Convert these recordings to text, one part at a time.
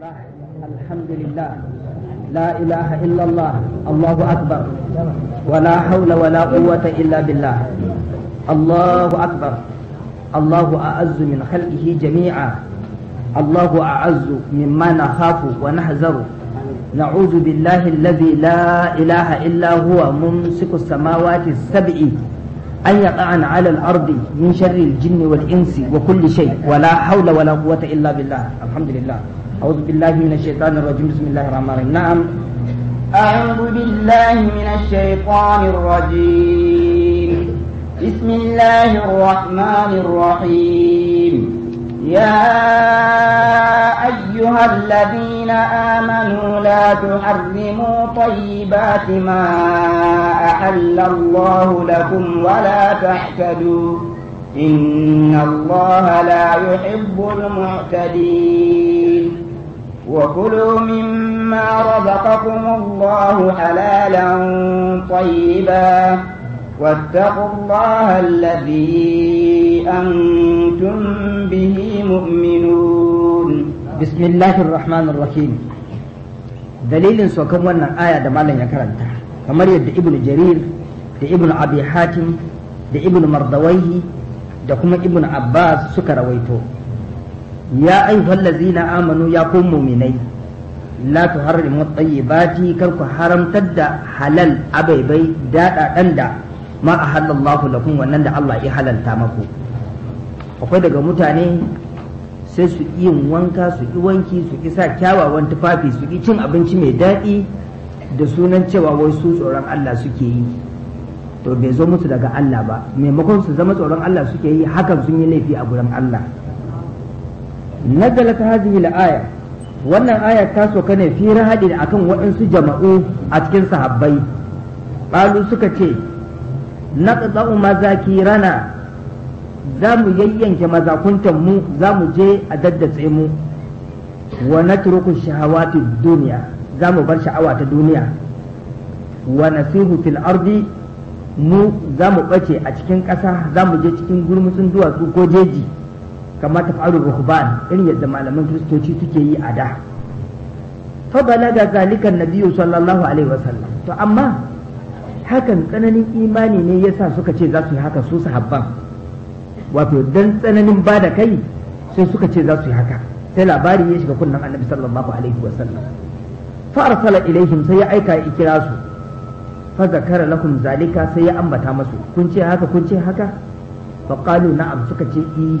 الله الحمد لله لا إله إلا الله الله أكبر ولا حول ولا قوة إلا بالله الله أكبر الله أعز من خلقه جميعا الله أعز مما نخاف ونحذر نعوذ بالله الذي لا إله إلا هو ممسك السماوات السبع أن يقعن على الأرض من شر الجن والإنس وكل شيء ولا حول ولا قوة إلا بالله الحمد لله أعوذ بالله من الشيطان الرجيم بسم الله الرحمن الرحيم نعم أعوذ بالله من الشيطان الرجيم بسم الله الرحمن الرحيم يا أيها الذين آمنوا لا تحرموا طيبات ما أحل الله لكم ولا تحتدوا إن الله لا يحب المعتدين وكلوا مما رزقكم الله حلالا طيبا واتقوا الله الذي أنتم به مؤمنون بسم الله الرحمن الرحيم دليل سوكم wannan aya da malam ya karanta kamar yadda ibnu jarir da ibnu abi hatim da ibn mardawaihi da kuma ibnu abbas suka rawaito ya ayyuhal ladzina amanu ya kun mu'minai la tuharrimu at-tayyibati kar ku haramtar da halal abaibai dada dan da ma'a ahallallahu lakum wannan da Allah ya halarta maku akwai daga mutane sai su yin wanka su yi wanki su ki sa kyawawan tufafi su ki cin abinci mai daɗi da sunan cewa wai su tsoron Allah suke yi to bai zo musu daga Allah ba maimakon su zama tsoron Allah suke yi hakan sun yi laifi a gurin Allah nazalat hadhihi al-aya wannan aya ta soka ne fi rahadin akan waɗansu jama'u a cikin sahabbai qalu suka ce naqta'u mazakirana za mu yayyanke mazakuntan mu za mu je a daddatse mu wa natruku shahawati duniya za mu bar sha'awa ta duniya wa nasihu fil ardi mu za mu bace a cikin ƙasa za mu je cikin gurmusun duwatsu ko jeji kama taf'alu ruhban irin yadda malaman kristoci suke yi a da fa ga zalikan nabiyyu sallallahu alaihi wasallam to amma hakan tsananin imani ne yasa suka ce za su yi haka su sahabban wato dan tsananin ba da kai sai suka ce za su yi haka sai labari ya shiga kunnan annabi sallallahu alaihi wasallam fa arsala ilaihim sai ya aika ya kira su fa zakara lakum zalika sai ya ambata musu kun ce haka kun ce haka fa qalu na'am suka ce i eh.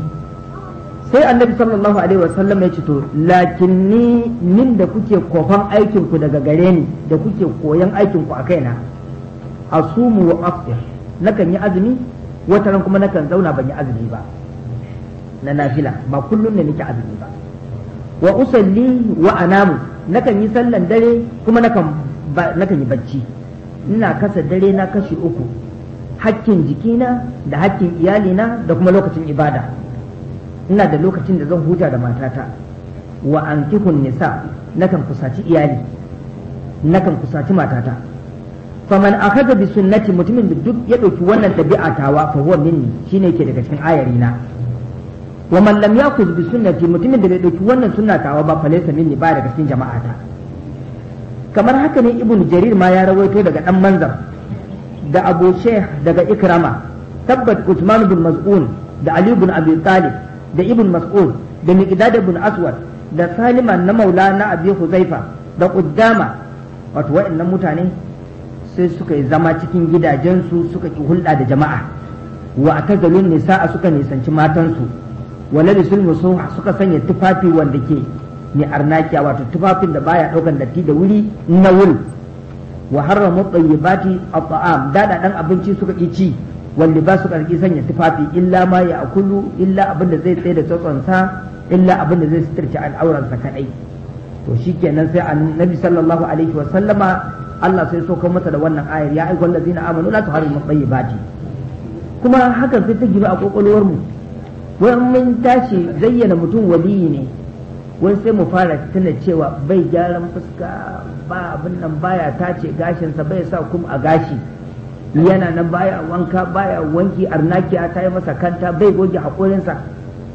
sai annabi sallallahu alaihi wasallam ya ce to lakinni min da kuke kofan aikin ku daga gare ni da kuke koyan aikin ku a kaina asumu wa na nakan yi azumi wata ran kuma nakan zauna ban yi azumi ba na nafila ba kullum ne nake azumi ba wa usalli wa anamu nakan yi sallan dare kuma nakan nakan yi bacci ina kasa dare na kashi uku hakkin jikina da hakkin iyalina da kuma lokacin ibada ina da lokacin da zan huta da matata wa nisa nakan kusaci iyali nakan kusaci matata faman akhadha bi sunnati mutumin da duk ya ɗauki wannan ɗabi'a tawa fa huwa minni shine yake daga cikin ayari na wa man lam yaqud bi sunnati mutumin da bai dauki wannan sunna tawa ba fa laysa minni ba daga cikin jama'ata kamar haka ne ibnu jarir ma ya rawaito daga dan manzar da abu daga ikrama tabbat usman bin mas'un da ali bin abi talib da ibn mas'ud da miqdad ibn aswad da salima na maulana abi huzaifa da qaddama wato waɗannan mutane sai suka yi zama cikin gidajensu suka ki hulɗa da jama'a wa atazalun nisa'a suka nisanci matansu wa labisul musuha suka sanya tufafi wanda ke ni arnakiya wato tufafin da baya ɗaukan datti da wuri na wuri wa harramu tayyibati at-ta'am dada dan abinci suka ki ci wanda ba su karki sanya tufafi illa ma ya akulu illa abin da zai tsaye da tsotsonsa illa abin da zai sitirce al'auransa kadai to shikenan sai annabi sallallahu alaihi wa sallama Allah sai so kan masa da wannan ayar ya ayyuhal ladzina amanu la tuharrimu tayyibati kuma hakan sai ta gina a kokolwar mu wai mun tashi zayyana mutum waliyi ne wai sai mu fara tuna cewa bai gyaran fuska ba abin nan baya tace gashinsa bai sa kum a gashi yana nan baya wanka baya wanki arnakiya ta yi masa kanta bai goge hakorinsa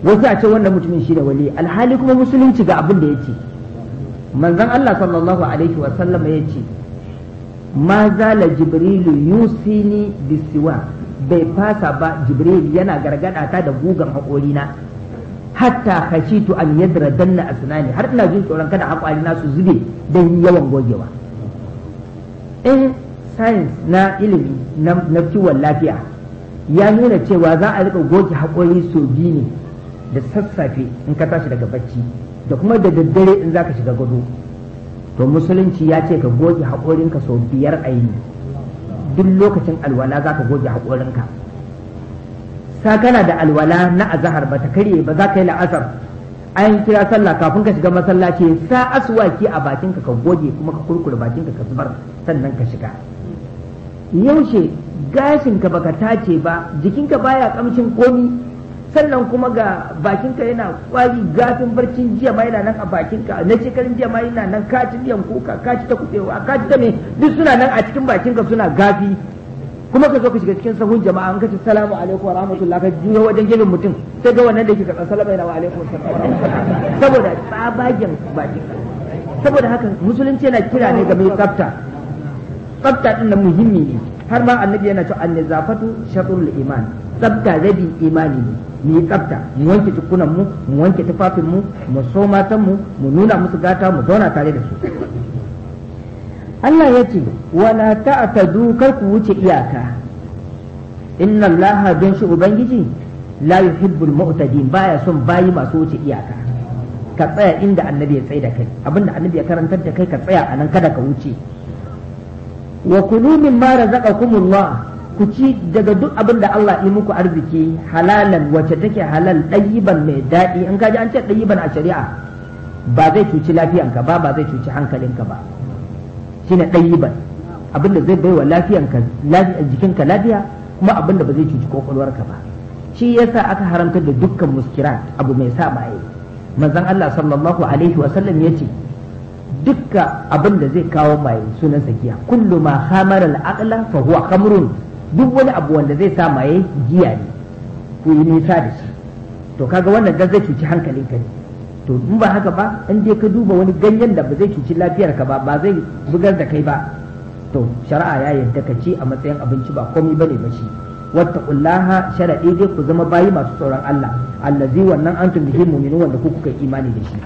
wasu a ce wannan mutumin shi da wali alhali kuma musulunci ga abin da ya ce manzon Allah sallallahu alaihi wa sallama ya ce ma zala jibrilu yusini bisiwa bai fasa ba jibril yana gargada ta da gugan hakori na, hatta khashitu an yadra danna asnani har ina jin tsoron kada haƙorina su zube don yawan gogewa eh science na ilimi na kiwon lafiya ya nuna cewa za a rika goge haƙori sau biyu ne da sassafe in ka tashi daga bacci da kuma da daddare in za ka shiga gado to musulunci ya ce ka goge haƙorinka sau biyar a yi duk lokacin alwala za ka goge haƙorinka kana da alwala na azahar ba ta karye ba za ka yi la'asar an kira sallah kafin ka shiga masallaci sa aswaki a bakinka ka goge kuma ka kurkure bakinka ka zubar sannan ka shiga yaushe gashinka baka tace ba jikinka baya kamshin komi sannan kuma ga bakinka yana kwari gafin barcin jiya ma yana nan a bakinka na shekarun jiya ma yana nan kaci miyan kuka kaci ta kubewa kaci ta me duk suna nan a cikin bakinka suna gafi kuma ka zo ka shiga cikin sahun jama'a an kace salamu alaikum wa rahmatullahi ka juya wajen gidan mutum sai ga wannan da yake karɓar salama yana wa alaikum saboda tsabagen bakinka saboda haka musulunci yana kira ne ga mai tsafta tsafta din nan muhimmi ne har ma annabi yana cewa annazafatu shatrul iman tsafta rabin imani ne mu yi tsafta mu wanke tukunan mu mu wanke tufafin mu mu so matan mu mu nuna musu gata mu zauna tare da su Allah ya ce wala ta'tadu kar ku wuce iyaka inna Allah don shi ubangiji la yuhibbul mu'tadin baya son bayi masu wuce iyaka ka tsaya inda annabi ya tsaya da kai abinda annabi ya karantar da kai ka tsaya anan kada ka wuce wa kulu mimma razaqakumullah ku ci daga duk abin da Allah yi muku arziki halalan wacce take halal dayiban mai dadi in ka an ce dayiban a shari'a ba zai cuci lafiyanka ba ba zai cuci hankalinka ba shine ɗayiban abin da zai baiwa lafiyanka jikinka lafiya kuma abin da ba zai cuci kwakwalwarka ba shi yasa aka haramta da dukkan muskirat abu mai sa baye manzon Allah sallallahu alaihi wa sallam yace dukka abin da zai kawo maye sunan sakiya kullu ma hamara al-aqla fa huwa khamrun duk wani abu wanda zai sa maye giya ne ku yi nisa da shi to kaga wannan dan zai cuci hankalin ka ne to in ba haka ba in dai ka duba wani ganyen da ba zai cuci lafiyar ka ba ba zai bugar da kai ba to shari'a ya yarda ka ci a matsayin abinci ba komai bane ba shi wata wattaqullaha sharadi dai ku zama bayi masu tsoron Allah allazi wannan antum bihi muminu wanda ku kuka imani da shi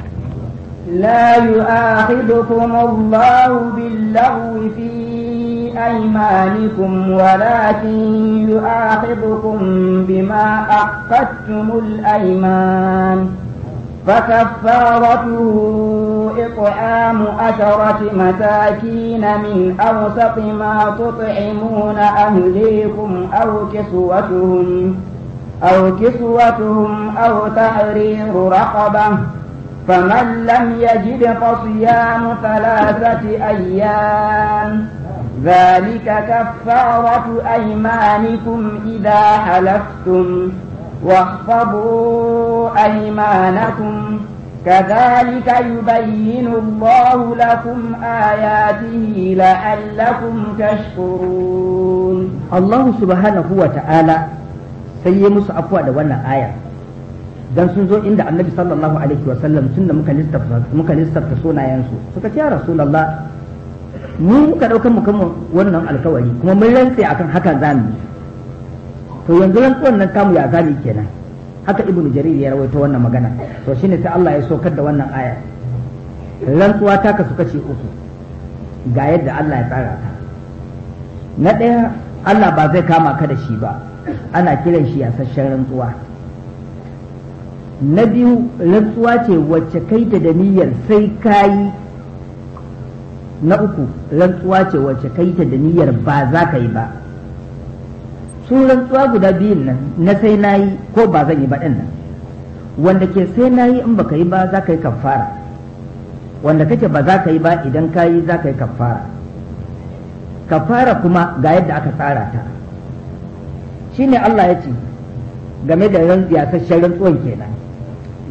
لا يؤاخذكم الله باللغو في أيمانكم ولكن يؤاخذكم بما أخذتم الأيمان فكفارته إطعام عشرة مساكين من أوسط ما تطعمون أهليكم أو كسوتهم أو كسوتهم أو تحرير رقبة فمن لم يجد فصيام ثلاثة أيام ذلك كفارة أيمانكم إذا حلفتم واحفظوا أيمانكم كذلك يبين الله لكم آياته لعلكم تشكرون الله سبحانه وتعالى سيمس أقوى دوانا آية dan sun zo inda annabi sallallahu alaihi wa sallam tunda muka lissafta muka lissafta sunayen su suka ce ya rasulullah mu muka dauka mu kuma wannan alkawari kuma mun rantse akan hakan zamu to yanzu rantsuwan nan tamu ya zamu kenan haka ibnu jarir ya rawaito wannan magana to shine sai Allah ya sokar da wannan aya rantsuwa ta suka ce uku ga yadda Allah ya tsara ta na ɗaya Allah ba zai kama ka da shi ba ana kiran shi ya yasasshen rantsuwa na biyu rantsuwa ce wacce kai ta da niyyar sai kayi na uku rantsuwa ce wacce kai ta da niyyar ba za ka yi ba su rantsuwa guda biyun nan na sai na yi ko ba zan yi ba ɗin nan wanda ke sai na yi in ba ka yi ba za ka yi kafara wanda kake ba za ka yi ba idan ka yi za ka yi kafara kafara kuma ga yadda aka tsara ta shine Allah ya ce game da yasasshen rantsuwan kenan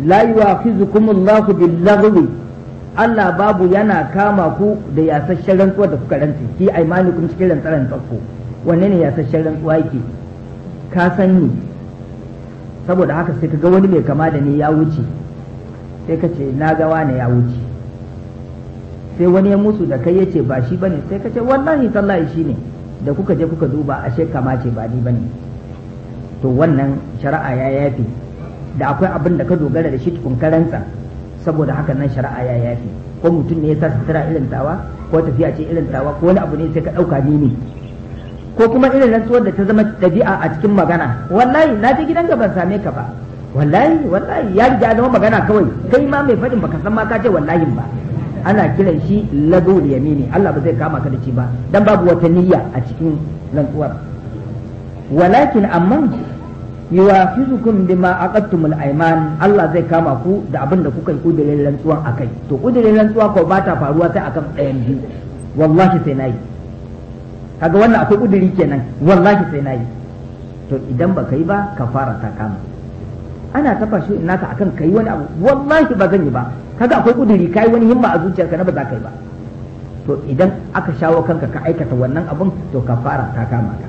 la yu'akhizukum Allahu bil laghwi Allah babu yana kama ku da yasasshen rantsuwa da kuka rantsi ki aimanikum cikin rantsaran tsakko wanne ne yasasshen rantsuwa yake ka san ni saboda haka sai ka ga wani mai kama da ni ya wuce sai ka ce na ga wane ya wuce sai wani ya musu da kai yace ba shi bane sai ka ce wallahi tallahi shi ne da kuka je kuka duba ashe kama ce ba ni bane to wannan shari'a ya yafi da akwai abin da ka dogara da shi tukun karanta saboda haka nan shari'a ya yafi ko mutum ne ya sa tara irin tawa ko tafiya ce irin tawa ko wani abu ne sai ka ɗauka ni ne ko kuma irin rantsuwar da ta zama dabia a cikin magana wallahi na je gidan ban same ka ba wallahi wallahi ya riga zama magana kawai kai ma mai faɗin baka san ma ka ce wallahi ba ana kiran shi lado da yamini Allah ba zai kama ka da shi ba dan babu wata niyya a cikin rantsuwar walakin amma yuwafizukum bima aqadtumul ayman Allah zai kama ku da abin da kuka yi kudirin rantsuwan akai to kudirin rantsuwa ko ba ta faruwa sai akan ɗayan biyu wallahi sai nayi kaga wannan akwai kudiri kenan wallahi sai nayi to idan baka yi ba kafara ta kama ana tafa shi naka akan kai wani abu wallahi ba zan yi ba kaga akwai kudiri kai wani himma a zuciyarka na ba za ka yi ba to idan aka shawo kanka ka aikata wannan abun to kafara ta kama ka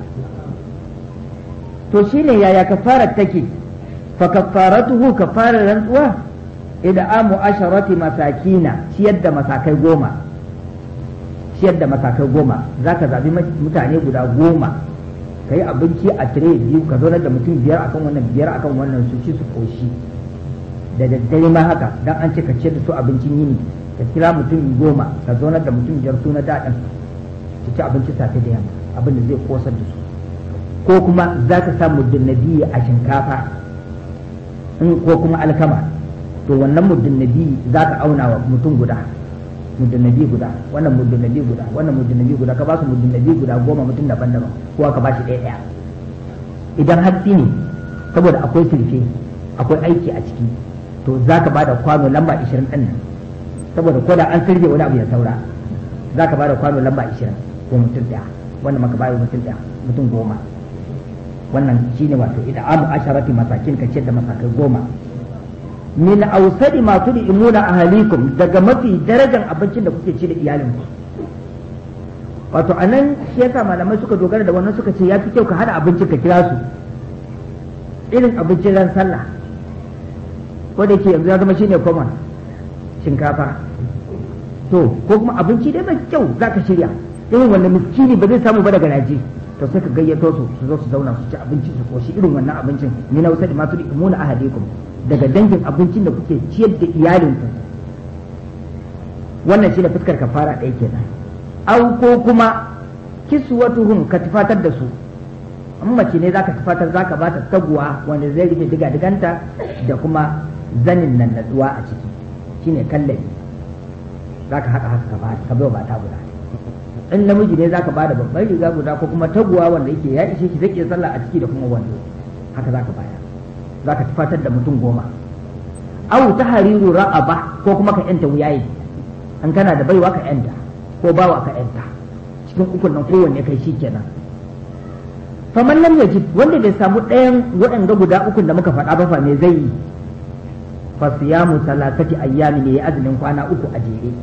to shine yaya kafarar take fa kafaratuhu kafarar rantsuwa amu asharati masakina ciyar da masakai goma ciyar da masakai goma zaka zabi mutane guda goma kai abinci a tire biyu ka zaunar da mutum biyar akan wannan biyar akan wannan su ci su koshi da daddare ma haka dan an ce ka ciyar da su abincin yini ka kira mutum goma ka zaunar da mutum biyar su na daɗin su ci abinci safe da yamma abin da zai kosar da su ko kuma za ka sa muddin a shinkafa ko kuma alkama to wannan muddin za ka auna wa mutum guda muddin guda wannan muddin guda wannan muddin guda ka ba su muddin guda goma mutum daban-daban kowa ka ba shi ɗaya ɗaya idan hatsi ne saboda akwai sulfe akwai aiki a ciki to za ka ba da kwano lamba 20 ɗin nan saboda ko da an sirge wani abu ya saura za ka ba da kwano lamba 20 ko mutum ɗaya wanda maka bayar mutum ɗaya mutum goma wannan shine wato a asharati masakin ka ce da masakai goma min ausadi ma tudi imuna ahalikum daga mafi darajar abincin da kuke ci da iyalinku wato anan shi yasa malamai suka dogara da wannan suka ce ya fi kyau ka hada abincin ka kira su irin abincin ran sallah ko da yake yanzu ya zama shine common shinkafa to ko kuma abinci dai mai kyau zaka shirya irin wanda miskini ba zai samu ba daga Najeriya to sai ka gayyato su su zo su zauna su ci abinci su koshi irin wannan abincin ni na wasadi masu muna ahadikum daga dangin abincin da kuke ciyar da iyalinku wannan shi ne fuskar fara ɗaya kenan au ko kuma kiswatuhum ka tufatar da su amma mace ne zaka tufatar zaka ba ta taguwa wanda zai rufe diga diganta da kuma zanin nan natsuwa a ciki shine kallabi zaka haka haka ka ba ta guda in namiji ne zaka bada babban riga guda ko kuma taguwa wanda yake ya ishe shi zake sallah a ciki da kuma wando haka zaka baya zaka tafatar da mutum goma aw tahriru ra'aba ko kuma ka yanta wuyaye an kana da baiwa ka yanta ko bawa ka yanta cikin ukun nan kowanne kai shikenan faman lam yajid wanda bai samu ɗayan waɗanda guda ukun da muka faɗa ba fa me zai yi fa siyamu salatati ayyami ne ya azumin kwana uku a jere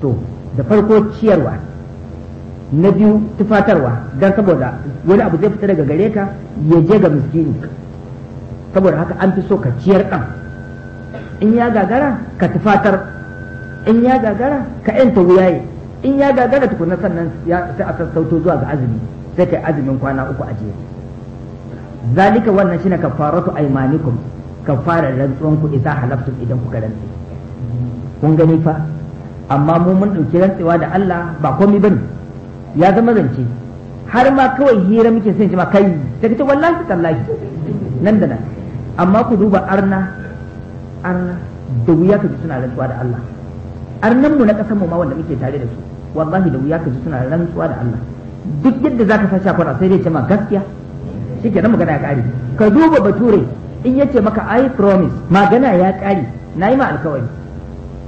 to da farko ciyarwa na biyu tufatarwa don saboda wani abu zai fita daga gare ka ya je ga miskini saboda haka an fi so ka ciyar ɗan in ya gagara ka tufatar in ya gagara ka yanta wuyaye in ya gagara tukuna sannan sai a sassauto zuwa ga azumi sai kai azumin kwana uku a jere zalika wannan shine kafaratu aymanikum ka fara ku idan halaftum idan kuka rantsi kun gani fa amma mu mun ɗauki rantsewa da Allah ba komai bane ya zama zance har ma kawai hira muke son shi ma kai ta kace wallahi tallahi nan da nan amma ku duba arna arna da wuya ka ji suna rantsuwa da Allah arnan mu na kasan mu ma wanda muke tare da su wallahi da wuya ka ji suna rantsuwa da Allah duk yadda zaka sace akwara sai dai ce ma gaskiya shikenan magana ya kare ka duba bature in yace maka i promise magana ya kare yi ma alkawari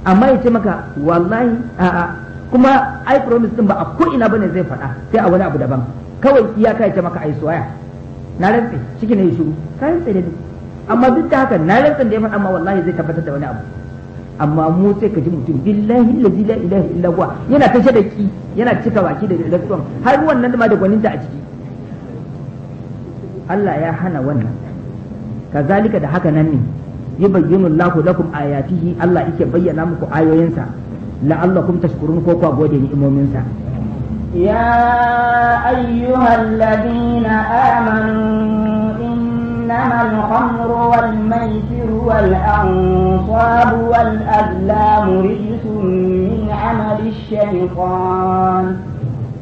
amma ya ce maka wallahi a'a kuma ai promise din ba a ko ina bane zai faɗa sai a wani abu daban kawai iyaka ya ce maka ai soyayya na rantsi shike ne ya shiru ka rantsi da ni amma duk da haka na rantsi da ya faɗa amma wallahi zai tabbatar da wani abu amma mu sai ka ji mutum billahi allazi la ilaha illa huwa yana ta ki yana cika baki da electron har wannan da ma da gwaninta a ciki Allah ya hana wannan kazalika da haka nan ne yubayyinu Allahu lakum ayatihi Allah yake bayyana muku ayoyinsa la'allakum tashkurun ko kwa gode ni'imominsa يا أيها الذين آمنوا إنما الخمر والميسر والأنصاب والأزلام رجس من عمل الشيطان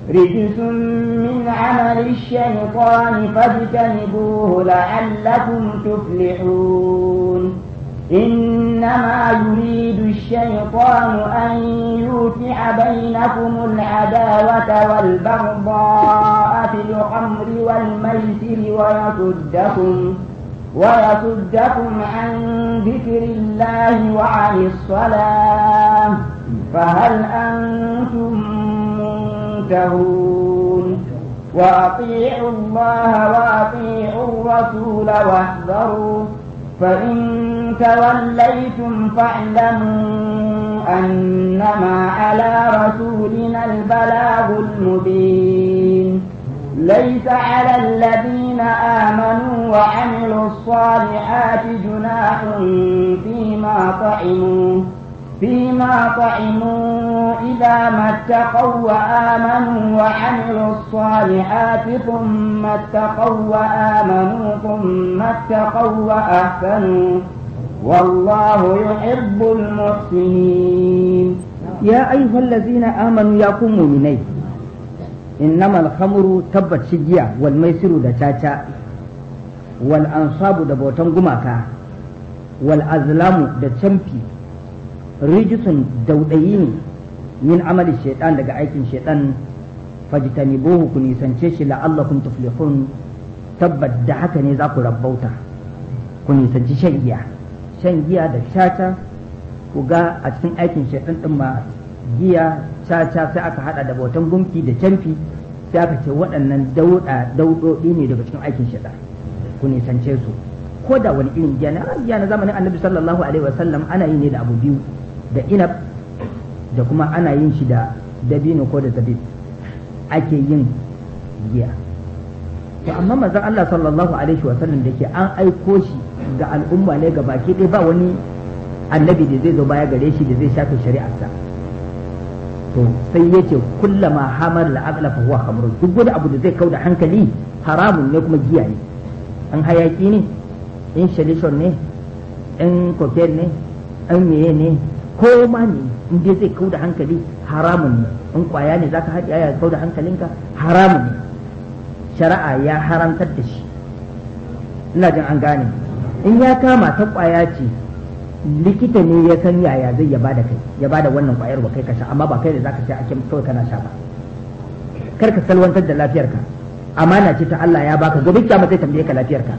رجس من عمل الشيطان فاجتنبوه لعلكم تفلحون إنما يريد الشيطان أن يوقع بينكم العداوة والبغضاء في الخمر والميسر ويصدكم ويصدكم عن ذكر الله وعن الصلاة فهل أنتم تنتهون وأطيعوا الله وأطيعوا الرسول واحذروا فإن توليتم فاعلموا أنما على رسولنا البلاغ المبين ليس على الذين آمنوا وعملوا الصالحات جناح فيما طعموا فيما طعموا إذا ما اتقوا وآمنوا وعملوا الصالحات ثم اتقوا وآمنوا ثم اتقوا وأحسنوا والله يحب المحسنين يا أيها الذين آمنوا يا قوم مؤمنين إنما الخمر تبت شجيا والميسر دشاشا والأنصاب دبوتن قماكا والأزلام دشمبي rijisun daudayi ne min amalin shaitan daga aikin shaitan fajtanibuhu ku nisance shi la'allakum tuflihun tabbat da haka ne za ku rabauta ku nisanci shan giya shan giya da caca ku ga a cikin aikin shaitan din ma giya caca sai aka haɗa da bautan gumki da canfi sai aka ce waɗannan dauɗa daudodi ne daga cikin aikin shaitan ku nisance su ko da wani irin giya giya na zamanin annabi sallallahu alaihi wasallam ana yi ne da abu biyu da inab da kuma ana yin shi da dabino ko da zabib ake yin giya to amma manzon Allah sallallahu alaihi wa sallam dake an aiko shi ga al'umma ne ga baki ɗaya ba wani annabi da zai zo baya gare shi da zai shafe shari'arsa to sai yace kullama hamar la'aqla fa huwa khamrun duk wani abu da zai da hankali haramun ne kuma giya ne an hayaki ne in shalishon ne in kokel ne an meye ne ko ma ne in dai zai kau da hankali haramun ne in kwaya ne zaka haɗi ya kau da hankalinka haramun ne shari'a ya haramtar da shi ina jin an gane in ya kama ta kwaya ce likita ne ya san yaya zai ya bada kai ya bada wannan kwayar wa kai ka sha amma ba kai da zaka sha ake kawai kana sha ba kar ka salwantar da lafiyarka amana ce ta Allah ya baka gobe kiyama zai tambaye ka lafiyarka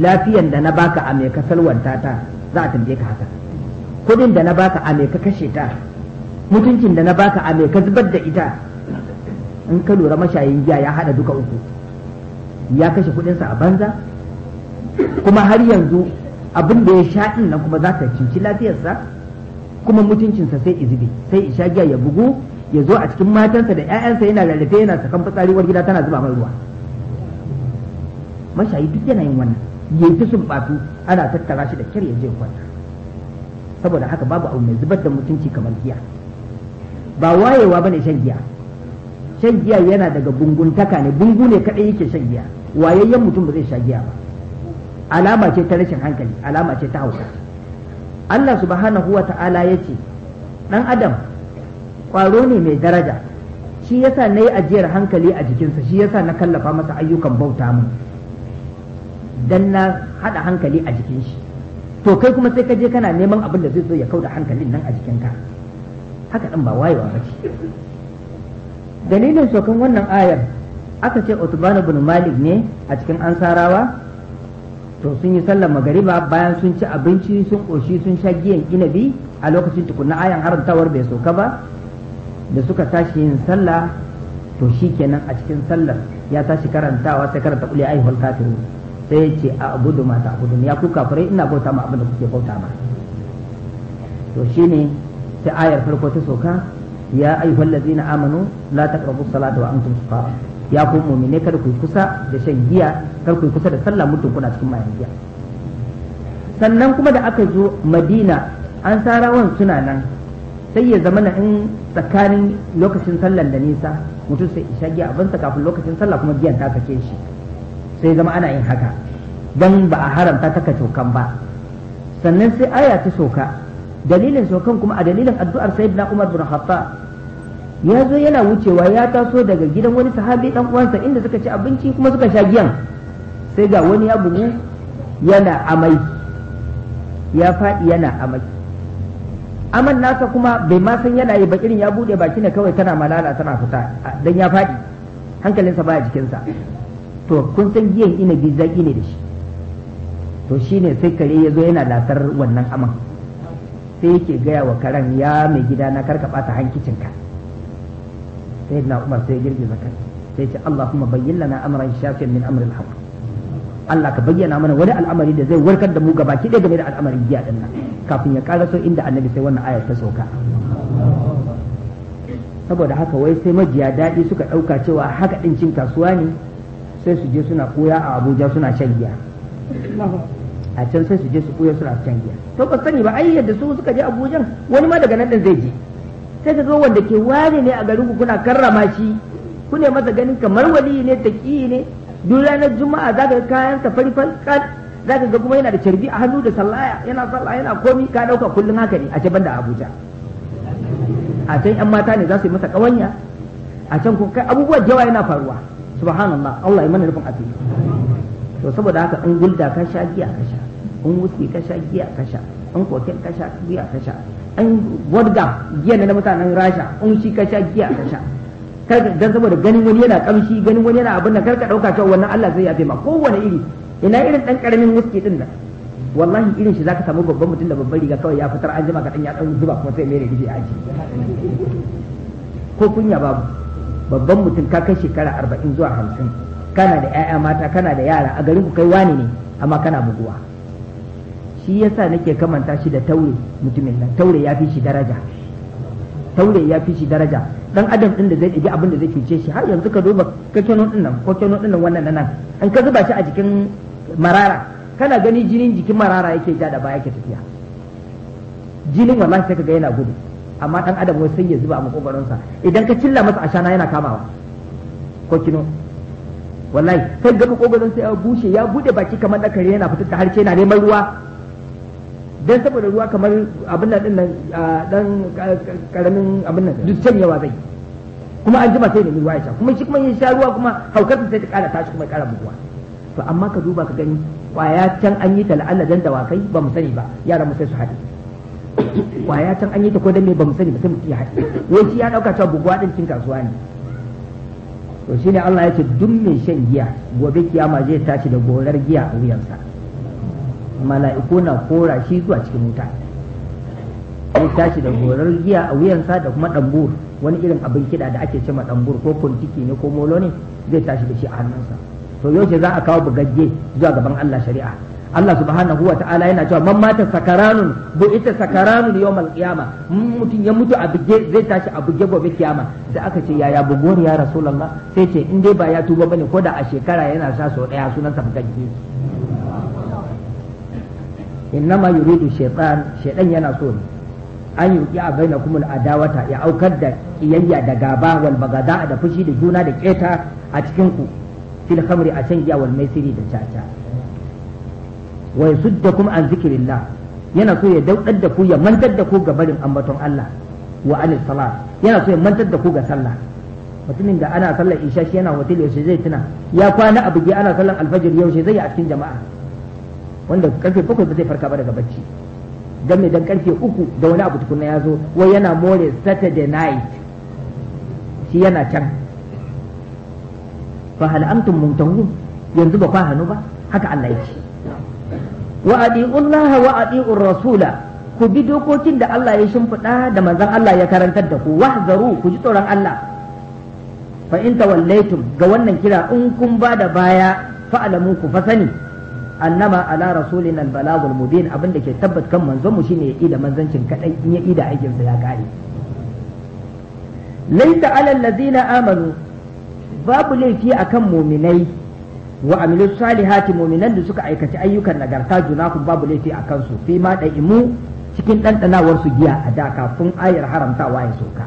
lafiyan da na baka a me ka salwanta ta za a tambaye ka haka kudin da na baka a me ka kashe ta mutuncin da na baka a me ka zubar da ita in ka lura mashayin giya ya hada duka uku ya kashe kudinsa a banza kuma har yanzu abin da ya sha nan kuma za ta cinci lafiyarsa kuma mutuncinsa sai izibi sai isha giya ya bugu ya zo a cikin matansa da 'ya'yansa yana lallafe yana sakan fitsariwar gida tana zuba mai ruwa mashayi duk yana yin wannan ya ta sun ana tattara shi da kyar ya je kwanta saboda haka babu abu mai zubar da mutunci kamar giya ba wayewa bane shan giya shan giya yana daga bunguntaka ne bungu ne kadai yake shan giya wayayyen mutum ba zai sha giya ba alama ce ta rashin hankali alama ce ta hauka Allah subhanahu wa ta'ala ya ce dan adam kwaro ne mai daraja shi yasa na yi ajiyar hankali a jikinsa shi yasa na kallafa masa ayyukan bauta mun dan na haɗa hankali a jikin shi to kai kuma sai ka je kana neman abin da zai zo ya kauda hankalin nan a jikinka haka ɗan ba wayewa ba ce dalilin sokan wannan ayar aka ce Utbana bin Malik ne a cikin Ansarawa to sun yi sallar magariba bayan sun ci abinci sun koshi sun sha giyan inabi a lokacin tukunna ayan harantawar bai soka ba da suka tashi yin sallah to shikenan a cikin sallar ya tashi karantawa sai karanta kulli ayyuhal kafirun sai ce a abudu ma ta abudu ya ku kafirai ina bauta ma abin da kuke bauta ma to shine sai ayar farko ta soka ya ayyuhal ladzina amanu la taqrabu salata wa antum sukara ya ku mu'mine kada ku kusa da shan giya kada ku kusa da sallah mutum kuna cikin mayan giya sannan kuma da aka zo madina an sarawan suna nan sai ya zama na in tsakanin lokacin sallar da nisa mutum sai isha giya abinsa kafin lokacin sallah kuma giyan ta kace shi sai zama ana yin haka don ba a haramta taka cokan ba sannan sai aya ta soka dalilin sokan kuma a dalilin addu'ar na Umar bin hatta ya zo yana wucewa ya taso daga gidan wani sahabi dan uwansa inda suka ci abinci kuma suka sha giyan sai ga wani ya bugu yana amai ya faɗi yana amai aman nasa kuma bai ma san yana yi ba irin ya bude baki ne kawai tana malala tana fita dan ya faɗi hankalinsa baya jikinsa to kun san giyan inabi zaki ne da shi to shine sai kare ya zo yana lasar wannan aman sai yake gaya wa karen ya mai gida na karka bata hankicinka sai na umar sai girgiza kai sai ce allahumma bayyin lana amran shafin min amril haqq Allah ka bayyana mana wani al'amari da zai warkar da mu gabaki ɗaya game da al'amarin giya din nan kafin ya in inda annabi sai wannan ayar ta sauka saboda haka wai sai majiya daɗi suka ɗauka cewa haka ɗin cin kasuwa ne sai su je suna koya a abuja suna shan giya a can sai su je su koya suna shan giya to ba sani ba ai yadda su suka je abuja wani ma daga nan din zai je sai ka zo wanda ke ware ne a garin ku kuna karrama shi ku ne masa ganin kamar wali ne taƙi ne duk ranar juma'a za ka ga kayan sa fari falkan za ka ga kuma yana da carbi a hannu da sallaya yana sallaya yana komi ka ɗauka kullum haka ne a ce banda abuja a can yan mata ne za su yi masa ƙawanya a can kuma abubuwan jawa yana faruwa subhanallah Allah ya mana rufin asiri to saboda haka in gulda ka sha giya ka sha in wuski ka sha giya ka sha in kokin ka sha giya ka sha in wadga giya na mutanen rasha in shi ka sha giya ka sha dan saboda ganin wani yana kamshi ganin wani yana abin nan karka dauka cewa wannan Allah zai yafe ma kowane iri ina irin dan karamin wuski din nan wallahi irin shi zaka samu babban mutum da babban riga kawai ya fitar an jima ka dan ya dan zuba kuma sai mai rigishi a aji, ko kunya babu babban mutum ka kai shekara arba'in zuwa hamsin kana da 'ya'ya mata kana da yara a garin ku kai wani ne amma kana buguwa shi yasa nake kamanta shi da taure mutumin nan taure ya fi shi daraja taure ya fi shi daraja dan adam din da zai ɗigi abin da zai fice shi har yanzu ka duba kakeno din nan kokeno din nan wannan nan an ka zuba shi a jikin marara kana gani jinin jikin marara yake ja da baya yake tafiya jinin wallahi sai ka ga yana gudu amma dan adam wai sai ya zuba a sa idan ka cilla masa ashana yana kamawa ko kino wallahi sai ga makogwaron sai ya bushe ya bude baki kamar da kare yana fitar da harshe yana neman ruwa dan saboda ruwa kamar abin nan din nan dan karamin abin nan duk canyewa zai kuma an jima sai da ruwa ya sha kuma shi kuma yin sha ruwa kuma haukar sai ta kara tashi kuma ya kara buguwa to amma ka duba ka gani kwaya can an yi ta la'alla dan dawakai ba mu sani ba yaran mu sai su haɗu kwaya can an yi ta kodon mai bamsani ba mu sani ba sai mu ya ɗauka cewa buguwa ɗin cin kasuwa ne to shi ne Allah ya ce duk mai shan giya gobe kiyama zai tashi da gorar giya a wuyansa mala'iku na kora shi zuwa cikin wuta zai tashi da gorar giya a wuyansa da kuma dambur wani irin abin kiɗa da ake cema ɗambur ko kontiki ne ko molo ne zai tashi da shi a hannunsa to yau za a kawo bugagge zuwa gaban Allah shari'a Allah subhanahu wa ta'ala yana cewa man mata sakaranun bu ita sakaranun yawmal Kiyama mutum ya mutu a buge zai tashi a buge gobe kiyama da aka ce yaya bugo ya rasulullah sai ce in dai ba ya tuba bane ko da a shekara yana sa sau daya sunan sa bugagge innama yuridu shaytan shaytan yana so ne an yuki a baina kumul adawata ya aukar da kiyayya da gaba wal bagada da fushi da juna da keta a cikin ku fil khamri a shan giya wal maisiri da caca wa yasuddakum an zikrillah yana so ya daudar da ku ya mantar da ku ga barin ambaton Allah wa anil salat yana so ya mantar da ku ga sallah mutumin da ana sallar isha shi yana hotel yaushe zai tuna ya kwana a buge ana sallar alfajir yaushe zai yi a cikin jama'a wanda karfe bakwai ba zai farka ba daga bacci dan me dan karfe uku da wani abu tukunna ya zo wai yana more saturday night shi yana can fa hal antum muntahun yanzu ba fa ba haka Allah yake wa adi'u Allah wa rasula ku bi dokokin da Allah ya shimfiɗa da manzon Allah ya karantar da ku wahzaru ku ji tsoron Allah fa in ga wannan kira in kun ba da baya fa'lamu ku fa sani annama ala rasulina albalagul mubin abin da ke tabbat kan manzon mu shine ya ida manzancin kadai in ya ida aikin sa ya kare laita ala allazina amanu babu laifi akan muminai wa amilu salihati mu'minan da suka aikaci ayyukan nagarta juna junakun babu laifi a kansu fi ma da imu cikin ɗanɗanawar su giya a da kafin ayar haramtawa ya soka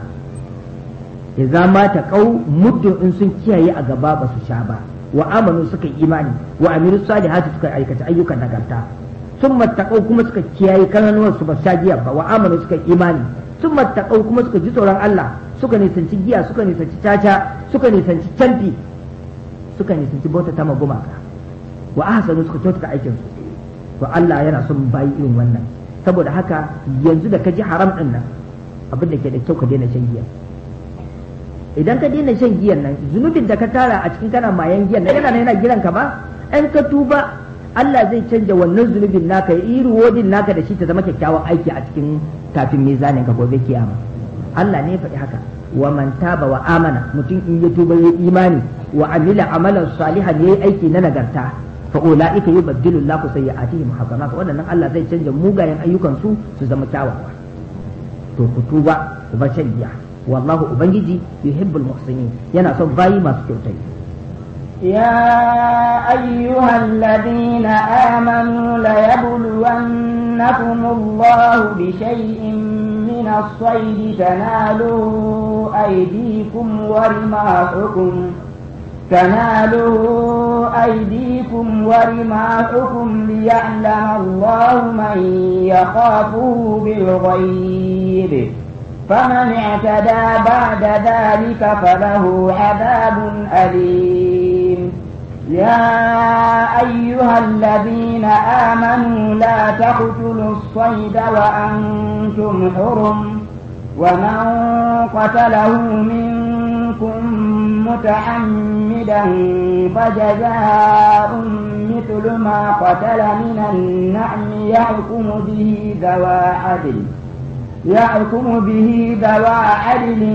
idza ma qau muddu in sun kiyaye a gaba ba su sha ba wa amanu suka imani wa amilu salihati suka aikaci ayyukan nagarta sun mattaƙau kuma suka kiyaye kananuwar su ba sha giya ba wa amanu suka imani sun mattaƙau kuma suka ji tsoron Allah suka nisanci giya suka nisanci caca suka nisanci canfi suka nisanci bauta ta gumaka wa ahsanu suka kyautata aikin su to Allah yana son bayi irin wannan saboda haka yanzu da ka haram din nan abin ke da kyau ka daina shan giya idan ka daina shan giyan nan zunubin da ka tara a cikin kana mayan giyan nan yana yana giran ka ba in ka tuba Allah zai canja wannan zunubin naka ya iri wodin naka da shi ta zama kyakkyawan aiki a cikin tafin mizanin ka gobe kiyama Allah ne ya faɗi haka wa man taba wa amana mutum in ya tuba ya imani وعمل عملا صالحا يي ايكي نانغارتا فاولئك يبدل الله سيئاتهم حسنات وانا نعم الله زي تشنج موغاين ايوكان سو سو زما كاوا تو كتوبا وبشيا والله ابنجي يحب المحسنين ينا سو باي ما يا أيها الذين آمنوا ليبلونكم الله بشيء من الصيد تنالوا أيديكم ورماحكم تنالوا أيديكم ورماحكم ليعلم الله من يخافه بالغيب فمن اعتدى بعد ذلك فله عذاب أليم يا أيها الذين آمنوا لا تقتلوا الصيد وأنتم حرم ومن قتله من متعمدا فجزاء مثل ما قتل من النعم يحكم به ذوى عدل يحكم به ذوى عدل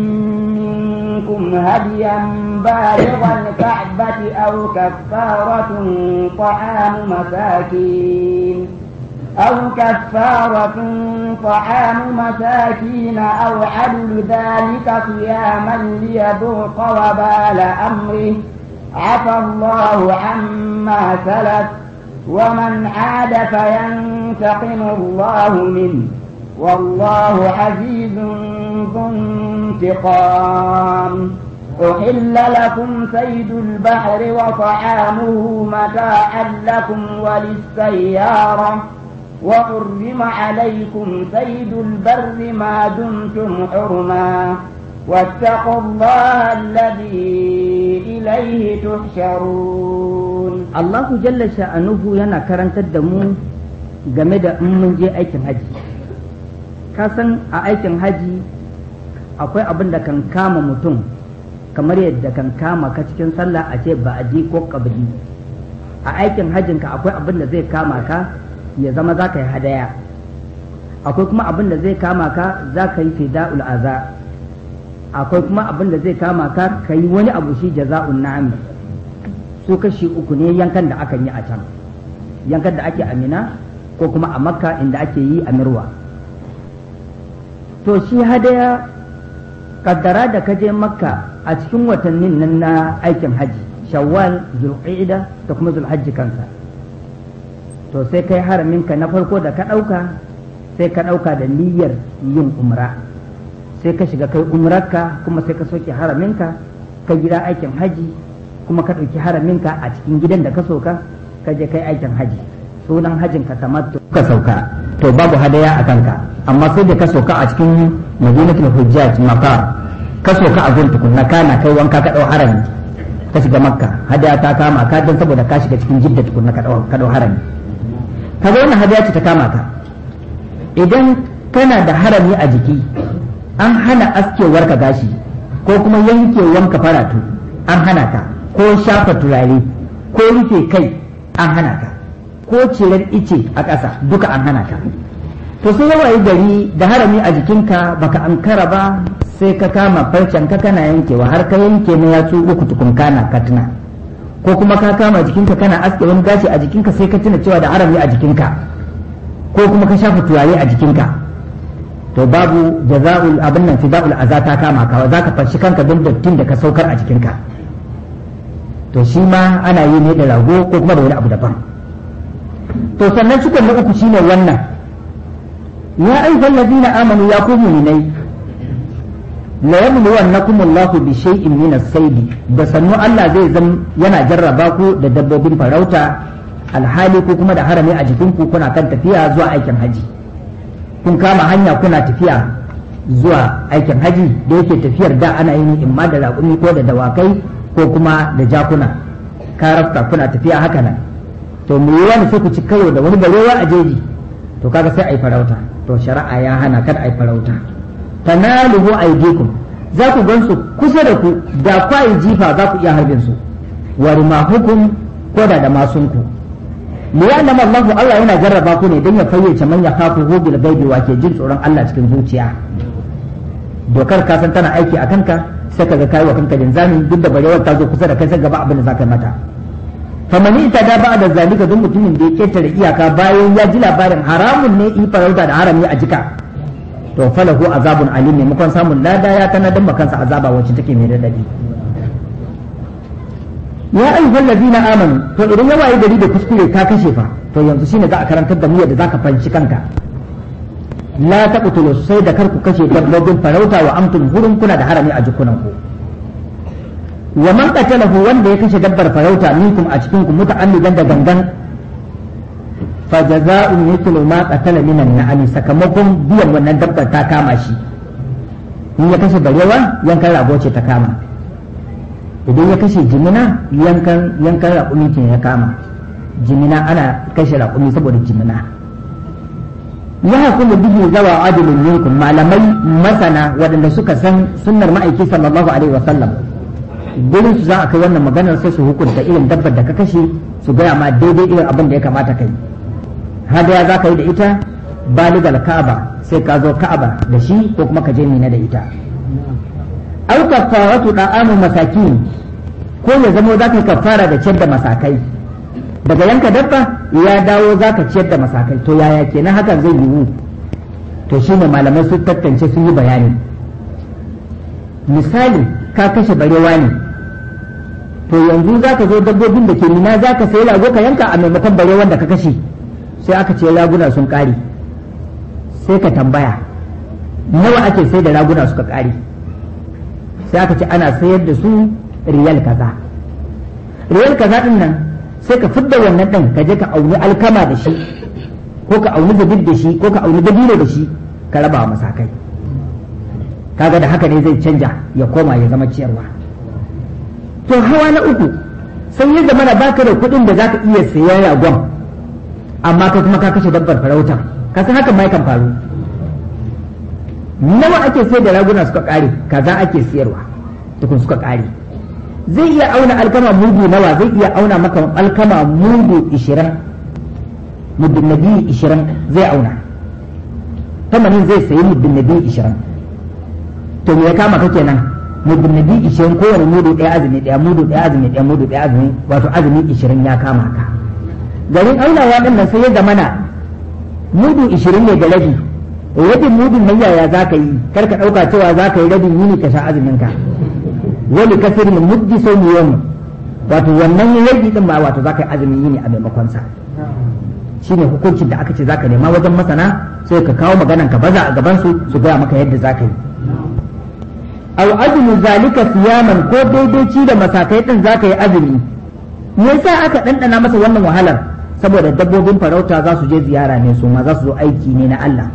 منكم هديا بالغ الكعبة أو كفارة طعام مساكين أو كفارة طعام مساكين أو عدل ذلك صياما ليذوق وبال أمره عفى الله عما سلف ومن عاد فينتقم الله منه والله عزيز ذو انتقام أحل لكم سيد البحر وطعامه متاعا لكم وللسيارة وحرم عليكم صيد البر ما دمتم حرما واتقوا الله الذي إليه تحشرون الله جل شأنه ينا كرنت الدمو game da in mun je aikin haji ka a aikin haji akwai abin da kan kama mutum kamar yadda kan kama ka cikin sallah a ce ba'adi ko kabili a aikin hajinka akwai abin da zai kama ka ya zama za ka yi hadaya akwai kuma abin da zai kama ka za ka yi fida'ul aza akwai kuma abin da zai kama ka ka yi wani abu shi jaza'un na'am su kashi uku ne yankan da aka yi a can yankan da ake amina ko kuma a makka inda ake yi a mirwa to shi hadaya kaddara da ka je makka a cikin watannin nan na aikin hajji shawwal zulqa'ida da kuma zulhajji kansa to sai kai haraminka na farko da ka ɗauka sai ka ɗauka da niyyar yin umra sai ka shiga kai umrarka kuma sai ka soke haraminka ka gida aikin haji kuma ka ɗauki haraminka a cikin gidan da ka soka ka je kai aikin haji sunan hajin ka tamattu ka sauka to babu hadaya a kanka amma sai da ka soka a cikin madinatul hujjaj maka ka soka a gurin na kana kai wanka ka ɗau harami ka shiga makka hadaya ta kama ka don saboda ka shiga cikin jidda tukunna ka ɗau harami ka wannan hadiya ce ta kama ka idan kana da harami a jiki an hana askewar ka gashi ko kuma yankewar ka faratu an hana ka ko shafa turare ko rufe kai an hana ka ko cirar ice a ƙasa duka an hana ka to sai yawa yi gari da harami a jikinka baka ankara ba sai ka kama farcen ka kana yankewa har ka yanke na yatsu uku tukun kana katina ko kuma ka kama jikinka kana aske wani gashi a jikinka sai ka tuna cewa da harami a jikinka ko kuma ka shafa tuwaye a jikinka to babu jaza'ul abin nan fida'ul aza ta kama ka za ka fashi kanka don dattin da ka saukar a jikinka to shi ma ana yi ne da rago ko kuma da wani abu daban to sannan cikin na uku shine wannan ya ayyuhal amanu ya ku mu'minai la annakum Allahu bi shay'in min as-sayd da sannu Allah zai zan yana jarraba ku da dabbobin farauta alhali ko kuma da harami a jikinku kuna kan tafiya zuwa aikin haji kun kama hanya kuna tafiya zuwa aikin haji da yake tafiyar da ana yin imma da raƙumi ko da dawakai ko kuma da jakuna karafta kuna tafiya haka nan to mu yi wani sai ku ci karo da wani barewa a jeji to kaga sai ai farauta to shari'a ya hana kada ai farauta tanaluhu aydikum za ku gansu kusa da ku da kwai jifa za ku iya harbin su wa rimahukum ko da da masunku mu ya annama Allah Allah yana jarraba ku ne dan ya fayyace man yakhafu hu bil ghaibi ke jin tsoron Allah cikin zuciya dokar ka san tana aiki a kanka sai ka ga kai wa kanka linzami duk da barewar ta zo kusa da kai sai gaba abin da zaka mata famani ita da ba da zalika dun mutumin da ya ketare iyaka bayan ya ji labarin haramun ne yi farauta da harami a jika to falahu azabun alim ne mukon samun lada ya dan makansa azaba wacce take mai dadadi ya ayyuhal na amanu to idan ya waye gari da kuskure ka kashe fa to yanzu shine za a karantar da mu yadda zaka fanci kanka la taqtulu sai da karku kashe dabbobin farauta wa amtum hurun kuna da harami a jikunan ku wa man qatalahu wanda ya kashe dabbar farauta minkum a cikin ku muta'allidan da gangan fa jaza'un mithlu ma qatala min an-na'am sakamakon biyan wannan dabbar ta kama shi in ya kashe barewa yankan rago ce ta kama idan ya kashe jimina yankan yankan raƙumi ce ya kama jimina ana kashe raƙumi saboda jimina ya da bihi zawa adilin minkum malamai masana waɗanda suka san sunnar ma'aiki sallallahu alaihi wasallam gurin su za a kai wannan maganar sai su hukunta irin dabbar da ka kashe su gaya ma daidai irin abin da ya kamata kai hadaya za ka yi da ita baligal ka'aba sai ka zo ka'aba da shi ko kuma ka je mina da ita au kafaratu da'amu masakin ko ya zamo za ka yi kafara da ciyar da masakai daga yanka dabba ya dawo za ka ciyar da masakai to yaya kenan hakan zai yiwu to shi ne malamai su tattance su yi bayani misali ka kashe barewa ne to yanzu za ka zo dabbobin da ke nuna za ka sayi rago ka yanka a maimakon barewar da ka kashe sai aka ce raguna sun ƙari sai ka tambaya nawa ake sai da raguna suka ƙari sai aka ce ana sayar da su riyal kaza riyal kaza din nan sai ka fidda wannan ɗin ka je ka auni alkama da shi ko ka auni zabib da shi ko ka auni dabino da shi ka raba wa masakai kaga da haka ne zai canja ya koma ya zama ciyarwa to hawa na uku sai ya mana baka da kuɗin da zaka iya sayan ragon amma kai kuma ka kashe dabbar farauta ka san hakan mai yakan faru nawa ake sayar da raguna suka kare kaza ake siyarwa tukun suka kare zai iya auna alkama mudu nawa zai iya auna maka alkama mudu 20 muddin nabi 20 zai auna tamanin zai sayi muddin nabi 20 to me ya kama kake nan muddin nabi 20 kowane mudu daya azumi daya mudu daya azumi daya mudu daya azumi wato azumi 20 ya kama ka garin aunawa din nan sai ya mana mudu 20 ne da rabi rabin eh, mudun nan yaya za ka yi kar ka ɗauka cewa za ka yi rabin yini ka sha azumin ka wani kasir mu muddi sau mu yau wato wannan ya rabi din ba wato za ka yi azumin yini a maimakon sa shine hukuncin da aka ce za ka nema wajen masana sai ka kawo maganan ka baza a gaban su su gaya maka yadda za ka yi au azmu zalika siyaman ko daidaici da masakai din za ka yi azumi me yasa aka ɗanɗana masa wannan wahalar saboda dabbobin farauta za su je ziyara ne su ma za su zo aiki ne na Allah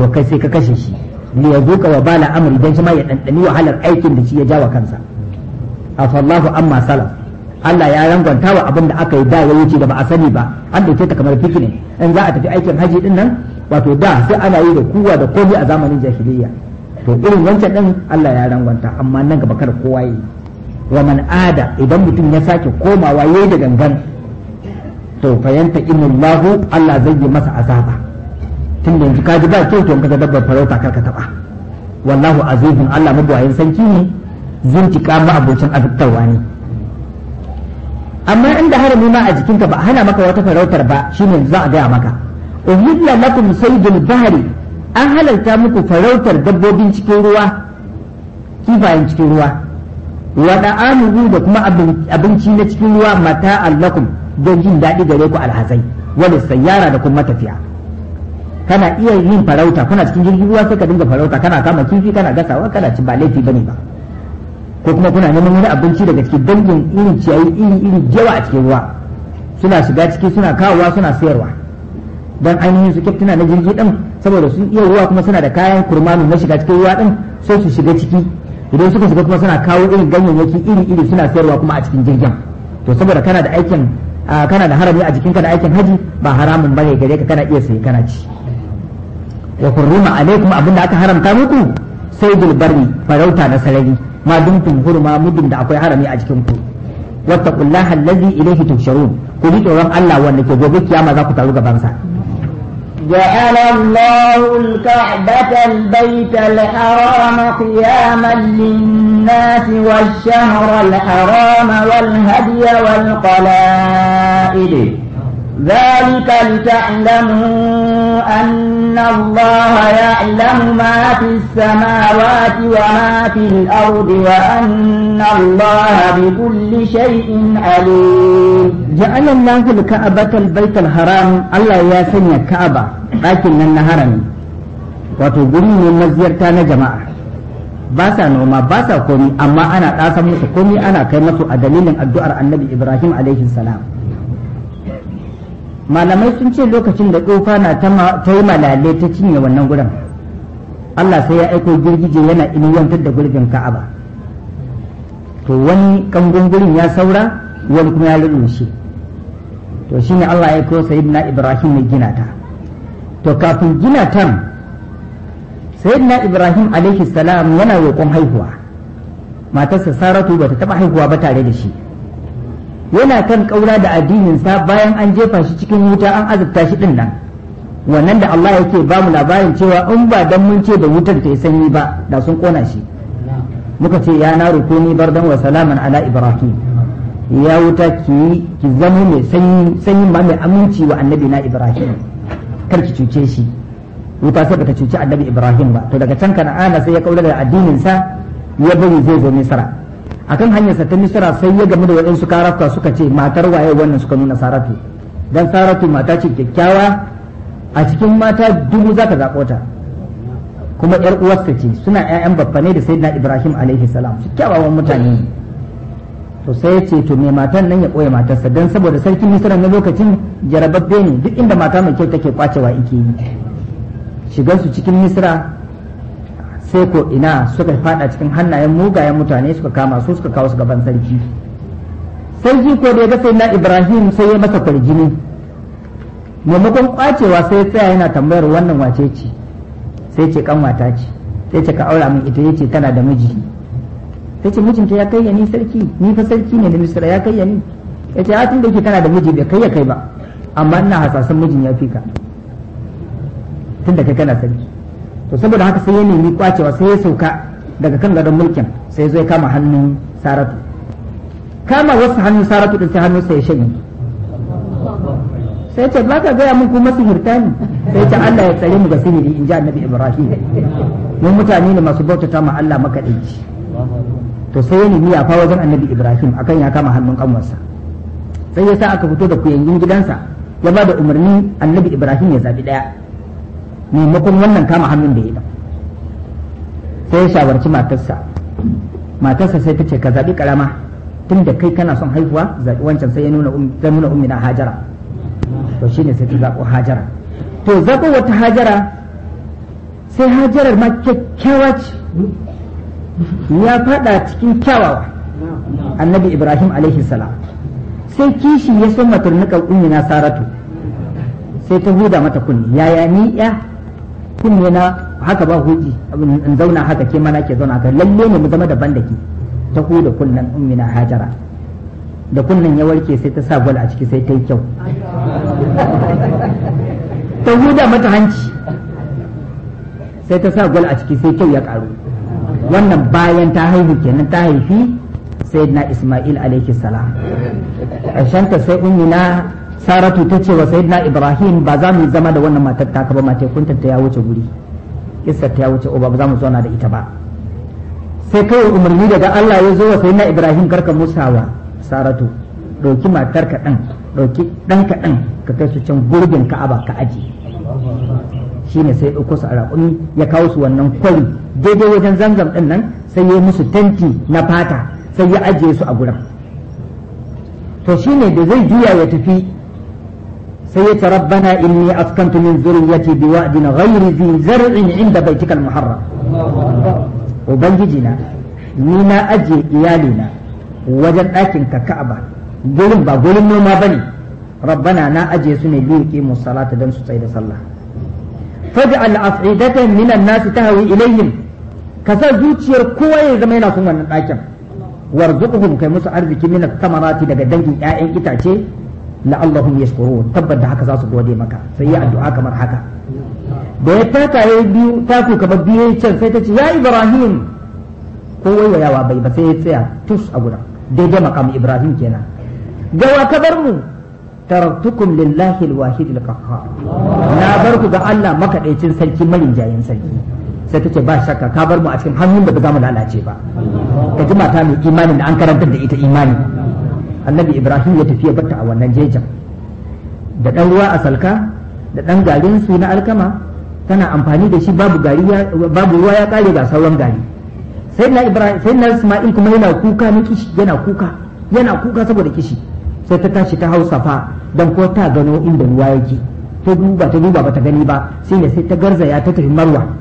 to kai sai ka kashe shi ya yazuka wa bala amri dan shi ma ya ɗanɗani wahalar aikin da shi ya jawa kansa afallahu amma salaf Allah ya ranganta wa abin da aka yi da ya wuce da ba a sani ba an dauke ta kamar fikini in za a tafi aikin haji din nan wato da sai ana yi da kuwa da komai a zamanin jahiliya to irin wancan din Allah ya rangwanta amma nan gaba kar kowa yi wa man ada idan mutum ya sake komawa yayi da gangan to fa yanta Allahu Allah zai yi masa azaba tun da yanzu kaji ba kyautu ka kaga dabbar farauta karka taba wallahu azizun Allah mabuwayin sanki ne zintika ma abocin azabtarwa ne amma inda harami ma a jikinka ba hana maka wata farautar ba shine za a gaya maka uhilla lakum saydul bahri an halarta muku farautar dabbobin cikin ruwa kifayen cikin ruwa wada amuru da kuma abinci na cikin ruwa mata allakum don jin daɗi gare ku alhazai wani sayyara da kuma tafiya kana iya yin farauta kuna cikin jirgin ruwa sai ka dinga farauta kana kama kifi kana gasawa kana ci ba laifi bane ba ko kuma kuna neman wani abinci daga cikin dangin irin ciyayi iri iri jawa a cikin ruwa suna shiga ciki suna kawowa suna sayarwa dan ainihin su kyaftina na jirgi din saboda su iya ruwa kuma suna da kayan kurmanu na shiga cikin ruwa din sai su shiga ciki idan suka shiga kuma suna kawo irin ganyayyaki iri-iri suna sayarwa kuma a cikin jirgin to saboda kana da aikin kana da harami a jikinka da aikin haji ba haramun bane gare ka kana iya sayi kana ci wa kuma alaikum abinda aka haramta muku sai bilbari farauta na sarari ma dumtum hurma mudum da akwai harami a jikin ku wattaqullaha allazi ilayhi tuhsharun ku ji tsoron Allah wanda ke gobe kiyama za ku taru gaban sa جعل الله الكعبة البيت الحرام قياما للناس والشهر الحرام والهدي والقلائد ذلك لتعلموا أن الله يعلم ما في السماوات وما في الأرض وأن الله بكل شيء عليم جعل الله الكعبة البيت الحرام الله ياسن الكعبة لكن النهر وتقولي من زيارتنا جماعة ba sa noma ba sa komi amma ana ɗasan musu komi ana kai musu a dalilin addu'ar annabi ibrahim alaihi salam malamai sun ce lokacin da tsofa na ta yi malale ta cinye wannan gurin Allah sai ya aiko girgije yana inuwantar da gurbin ka'aba to wani kangon gurin ya saura wani kuma ya lullushe to shi ne Allah ya aiko sayyidina Ibrahim mai gina ta to kafin gina tan sayyidina Ibrahim alaihi yana roƙon haihuwa matarsa Saratu bata taɓa haihuwa ba tare da shi yana kan kaura da addininsa bayan an jefa shi cikin wuta an azabta shi din nan wannan da Allah yake ba mu labarin cewa in ba dan mun ce da wutar ta yi sanyi ba da sun kona shi muka ce ya ko ni bardan wa salaman ala ibrahim ya wuta ki ki zama mai sanyi sanyi ma mai aminci wa annabi na ibrahim kar ki cuce shi wuta sai bata cuci annabi ibrahim ba to daga can kana'ana sai ya kaura da addinin ya bari zai zo misra akan hanyarsa ta misira sai ya gamu da waɗansu karafta suka ce matar waye wannan suka nuna saratu dan saratu mata ce kyakkyawa a cikin mata dubu za ka zaɓo ta kuma yar uwarsa ce suna ƴaƴan babba ne da sayyidina ibrahim alaihi salam kyawawan mutane to sai ya ce to me matan nan ya ɓoye matarsa dan saboda sarkin misira na lokacin jarababbe ne duk inda mata mai kyau take kwacewa ike yi shigar su cikin misira sai ko ina suka fada cikin hannayen mugayen mutane suka kama su suka kawo su gaban sarki sarki ko da ya ga na ibrahim sai ya masa kwarjini maimakon kwacewa sai ya tsaya yana tambayar wannan wace ce sai ce kanwata ce sai ce ka aura min ita yace tana da miji sai ce mijinta ya kai ni sarki ni fa sarki ne da misra ya kai ni yace a tun da yake tana da miji bai kai ya kai ba amma ina hasasan mijin ya fika tun da kai kana sarki to saboda haka sai ya nemi kwacewa sai ya sauka daga kan gadon mulkin sai zai kama hannun saratu kama wasu hannun saratu da sai hannun sai ya shanye sai ce ba ka gaya mun kuma sihirta ne sai ce Allah ya tsare mu ga sihiri in ji annabi Ibrahim mu mutane ne masu bautata ma Allah makaɗaici to sai ya nemi yafa wajen annabi Ibrahim akan ya kama hannun kanwarsa sai ya sa aka fito da kuyangin gidansa ya ba da umarni annabi Ibrahim ya zabi daya maimakon wannan kama hannun da ya ɗan sai ya shawarci matarsa matarsa sai ta ce ka zaɓi ƙarama tun da kai kana son haihuwa zaɓi wancan sai um, ya nuna ummi na hajara to shi ne sai ta zaɓo hajara to zaɓo wata hajara sai hajarar ma kyakkyawa ce ya faɗa cikin kyawawa annabi ibrahim alaihi salam sai kishi ya son maturnuƙar ummi na saratu sai ta huda mata kunni yaya ni ya kunne na haka ba hudi in zauna haka ke mana ke zauna haka lalle ne mu zama daban da ke ta da kunnen ummina hajara da kunnen ya warke sai ta sa gwal a ciki sai ta yi kyau ta huda mata hanci sai ta sa gwal a ciki sai kyau ya karu wannan bayan ta haihu kenan ta haifi sai ismail alaihi salam ƙarshenta sai ummina saratu ta ce wa sayyidina ibrahim ba za mu zama da wannan matar taka ba mace kuntar ta ya wuce guri kissar ta ya wuce ba za mu zauna da ita ba sai kawai umarni daga Allah ya zo wa sayyidina ibrahim karka musawa saratu ɗauki matar ka ɗan ɗauki ɗan ka ɗan ka kai su can gurbin ka'aba ka aji shine sai ɗauko su a raƙumi ya kawo su wannan kwari daidai wajen zanzam ɗin nan sai ya musu tanti na fata sai ya ajiye su a gurin to shine da zai juya ya tafi sai ya ce rabbana inni askantu min zurriyyati biwadin ghayri zi zar'in inda ba'i baitikal muharram ubangiji na ni na aje iyali na wajen ɗakin ka ka'aba gurin ba gurin noma ba ne rabbana na ajiye su ne bi yuqi musallata dan su tsaye da sallah faj'al af'idatan min an-nas tahwi ilayhim kasa zuciyar kowa ya zama yana son wannan ɗakin warzuquhum kai musu arziki min ath-thamarati daga dangin ƴaƴan itace la'allahum yashkurun da haka za su gode maka sai ya addu'a kamar haka da ya taka ya biyu taku kamar biyu can sai ta ce ya ibrahim ko waiwayawa bai ba sai ya tsaya tus a guda daidai makam ibrahim kenan gawa ka bar mu taraktukum lillahi alwahid alqahhar na bar ku ga Allah makaɗaicin sarki marinjayin sarki sai ta ce ba shakka ka bar mu a cikin hannun da ba za mu lalace ba ka ji mata mai imanin da an karantar da ita imani annabi ibrahim ya tafiya bata a wannan jejin da ɗan ruwa a salka da ɗan garin su na alkama tana amfani da shi babu gari babu ruwa ya kare ga sauran gari sai na ibrahim sai na isma'il kuma yana kuka na kishi yana kuka yana kuka saboda kishi sai ta tashi ta hausa fa dan ko ta gano inda ruwa yake ta duba ta duba bata gani ba sai ne sai ta garzaya ta tafi marwa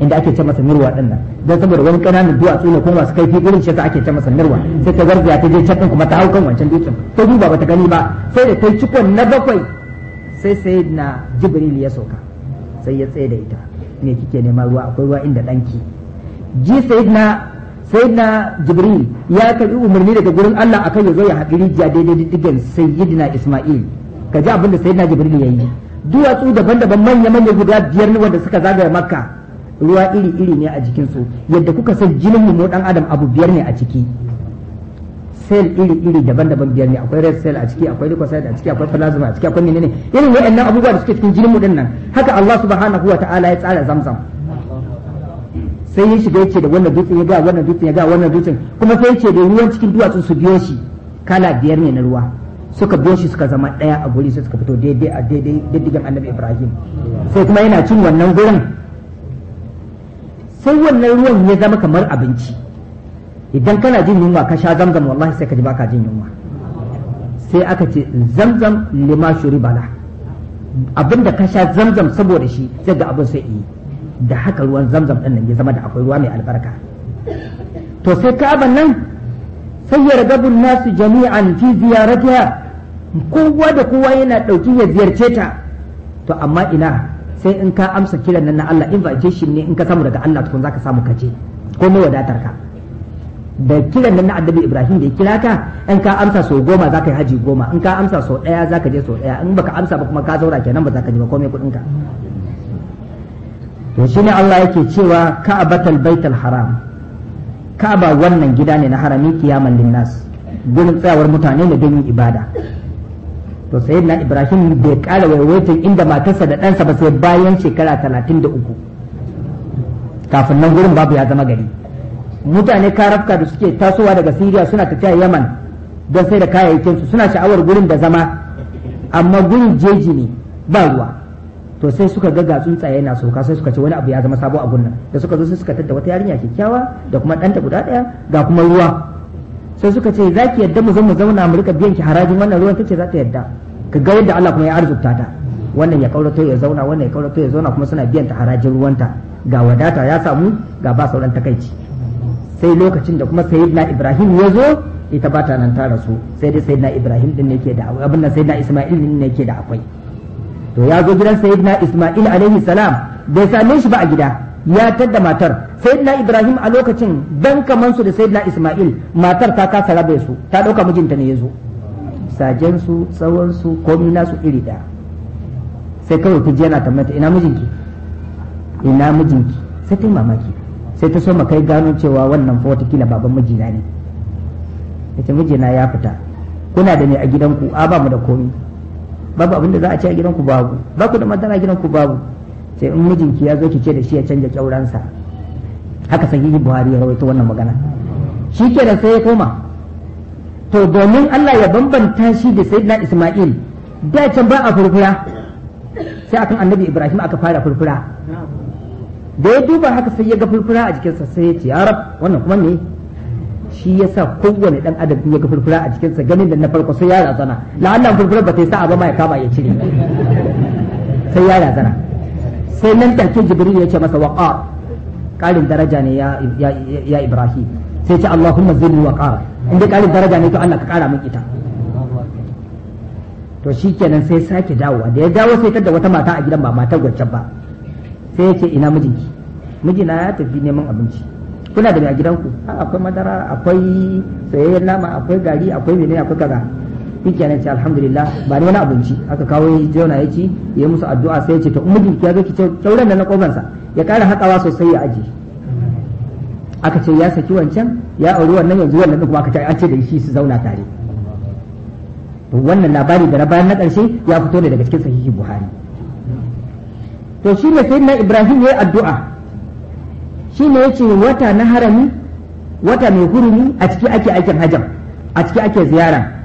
inda ake ce masa mirwa din nan dan saboda wani kananan duwatsu ne ko masu kaifi gurin shi ta ake ce masa mirwa sai ta garzaya ta je can kuma ta hau kan wancan dutsen ta duba bata gani ba sai da ta cikon na bakwai sai sai jibril ya sauka sai ya tsaye da ita me kike nema ruwa akwai ruwa inda danki ji sayyidina sayyidina jibril ya karbi umarni daga gurin Allah akan ya zo ya haɗi rijiya daidai diddigan sayyidina isma'il ka ji abin da sayyidina jibril ya yi duwatsu daban-daban manya-manya guda biyar ne wanda suka zagaya makka ruwa iri iri ne a jikin su yadda kuka san jinin mu dan adam abu biyar ne a ciki cell iri iri daban-daban biyar ne akwai red cell a ciki akwai leukocyte a ciki akwai plasma a ciki akwai menene irin waɗannan abubuwa da suke cikin jinin mu nan haka Allah subhanahu wata'ala ya tsara zamzam sai ya shiga yace da wannan dutsen ya ga wannan dutsen ya ga wannan dutsen kuma sai yace da ruwan cikin duwatsun su biyo shi kala biyar ne na ruwa suka biyo shi suka zama daya a guri sai suka fito daidai a daidai diddigan Annabi Ibrahim sai kuma yana cin wannan gurin sai wannan ruwan ya zama kamar abinci idan kana jin yunwa ka sha zamzam wallahi sai ka ji baka jin yunwa sai aka ce zamzam lima shuri bala abinda ka sha zamzam saboda shi sai ga abin sai yi da haka ruwan zamzam din nan ya zama da akwai ruwa mai albarka to sai ka'aban nan sai ya bin nasu jami'an fi ziyaratiha kowa da kowa yana dauki ya ziyarce ta to amma ina sai in ka amsa kiran nan na Allah invitation ne in ka samu daga Allah tukun zaka samu kace ko mai wadatar ka da kiran nan na annabi Ibrahim da ya kira ka in ka amsa so goma zaka yi haji goma in ka amsa so daya zaka je so daya in baka amsa ba kuma ka zaura kenan ba zaka je ba komai kudin ka to shine Allah yake cewa ka'abatal baitul haram ka'aba wannan gida ne na harami kiyaman linnas gurin tsayawar mutane da don yin ibada to na ibrahim bai kara waiwaitin inda matarsa da ɗansa ba sai bayan shekara talatin da uku kafin nan gurin babu ya zama gari mutane karafka da suke tasowa daga siriya suna tafiya yaman don sai da su suna sha'awar gurin da zama amma gurin jeji ne ba ruwa to sai suka ga tsuntsaye na soka sai suka ce wani abu ya zama sabo a gurin da suka zo sai suka tadda wata yarinya kyakkyawa da kuma ɗanta guda ɗaya ga kuma ruwa sai suka ce za ki yadda mu zo mu zauna mu rika biyan ki harajin wannan ruwan tace za ta yadda ka ga yadda Allah kuma ya arzuta ta wannan ya kaurato ya zauna wannan ya kaurato ya zauna kuma suna biyan ta harajin ruwanta ga wadata ya samu ga ba sauran takaici sai lokacin da kuma sayyidina Ibrahim ya zo ita ba ta nan ta rasu sai dai sayyidina Ibrahim din ne yake da abin nan sayyidina Isma'il din ne yake da akwai to ya zo gidan sayyidina Isma'il alaihi salam bai same shi ba a gida ya tadda matar sayyidina ibrahim a lokacin dan kaman su da sayyidina isma'il matar ta kasa rabe su ta dauka mijinta ne yazo sajen su tsawon su komai nasu iri da sai kawai ta na tambata ina mijinki ina mijinki sai ta yi mamaki sai ta so ma kai gano cewa wannan fa kila baban mijina ne ita mijina ya fita kuna da ne a gidanku a ba mu da komai babu abin da za a ci a gidanku babu ba ku da madara a gidanku babu sai in mijinki ya zo ki ce da shi ya canja kyauransa haka sahihi buhari ya rawaito wannan magana shi ke da sai ya koma to domin Allah ya bambanta shi da sayyidina Ismail da can ba a furfura sai akan annabi Ibrahim aka fara furfura da ya duba haka sai ya ga furfura a jikinsa sai ya ce ya rab wannan kuma ne shi ya sa kowane dan adam ya ga furfura a jikinsa ganin da na farko sai ya razana la'annan furfura ba ta yi sa'a ba ma ya kama ya cire sai ya razana sai nan take jibril ya ce masa waqar ƙarin daraja ne ya ibrahim sai ce allahumma zidni waqar inda ƙarin daraja ne to Allah ka ƙara min ita to shikenan sai sake dawowa da ya dawo sai da wata mata a gidan ba matar gwancan ba sai ya ce ina mijinki mijina ya tafi neman abinci kuna da mai a gidanku akwai madara akwai soyayyen nama akwai gari akwai mene akwai kaza shikenan ce alhamdulillah ba ne wani abinci aka kawo jona ya ci ya musu addu'a sai ya ce ta ummu ya ga ki kyauran nan na kobansa ya kara hakawa sosai ya aje aka ce ya saki wancan ya auri wannan yanzu wannan kuma aka ce an ce da shi su zauna tare wannan labari da bayan na karshe ya fito ne daga cikin sahihi buhari to shi ne na ibrahim ya yi addu'a shi ne ya ce wata na harami wata mai hurumi a ciki ake aikin hajjam a ciki ake ziyara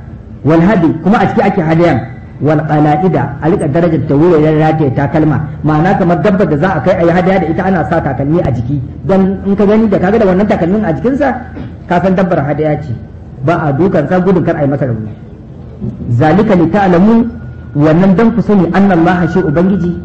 wal kuma a ciki ake hadaya wal qala'ida a rika darajar ta wurin rataye takalma ma'ana kamar dabbar da za a kai ayi hadaya da ita ana sa takalmi a jiki dan in ka gani da ka ga wannan takalmin a jikinsa ka san dabbar hadaya ce ba a dukan sa gudun kar ayi masa rauni zalika li ta'lamu wannan dan ku sani annallaha shi ubangiji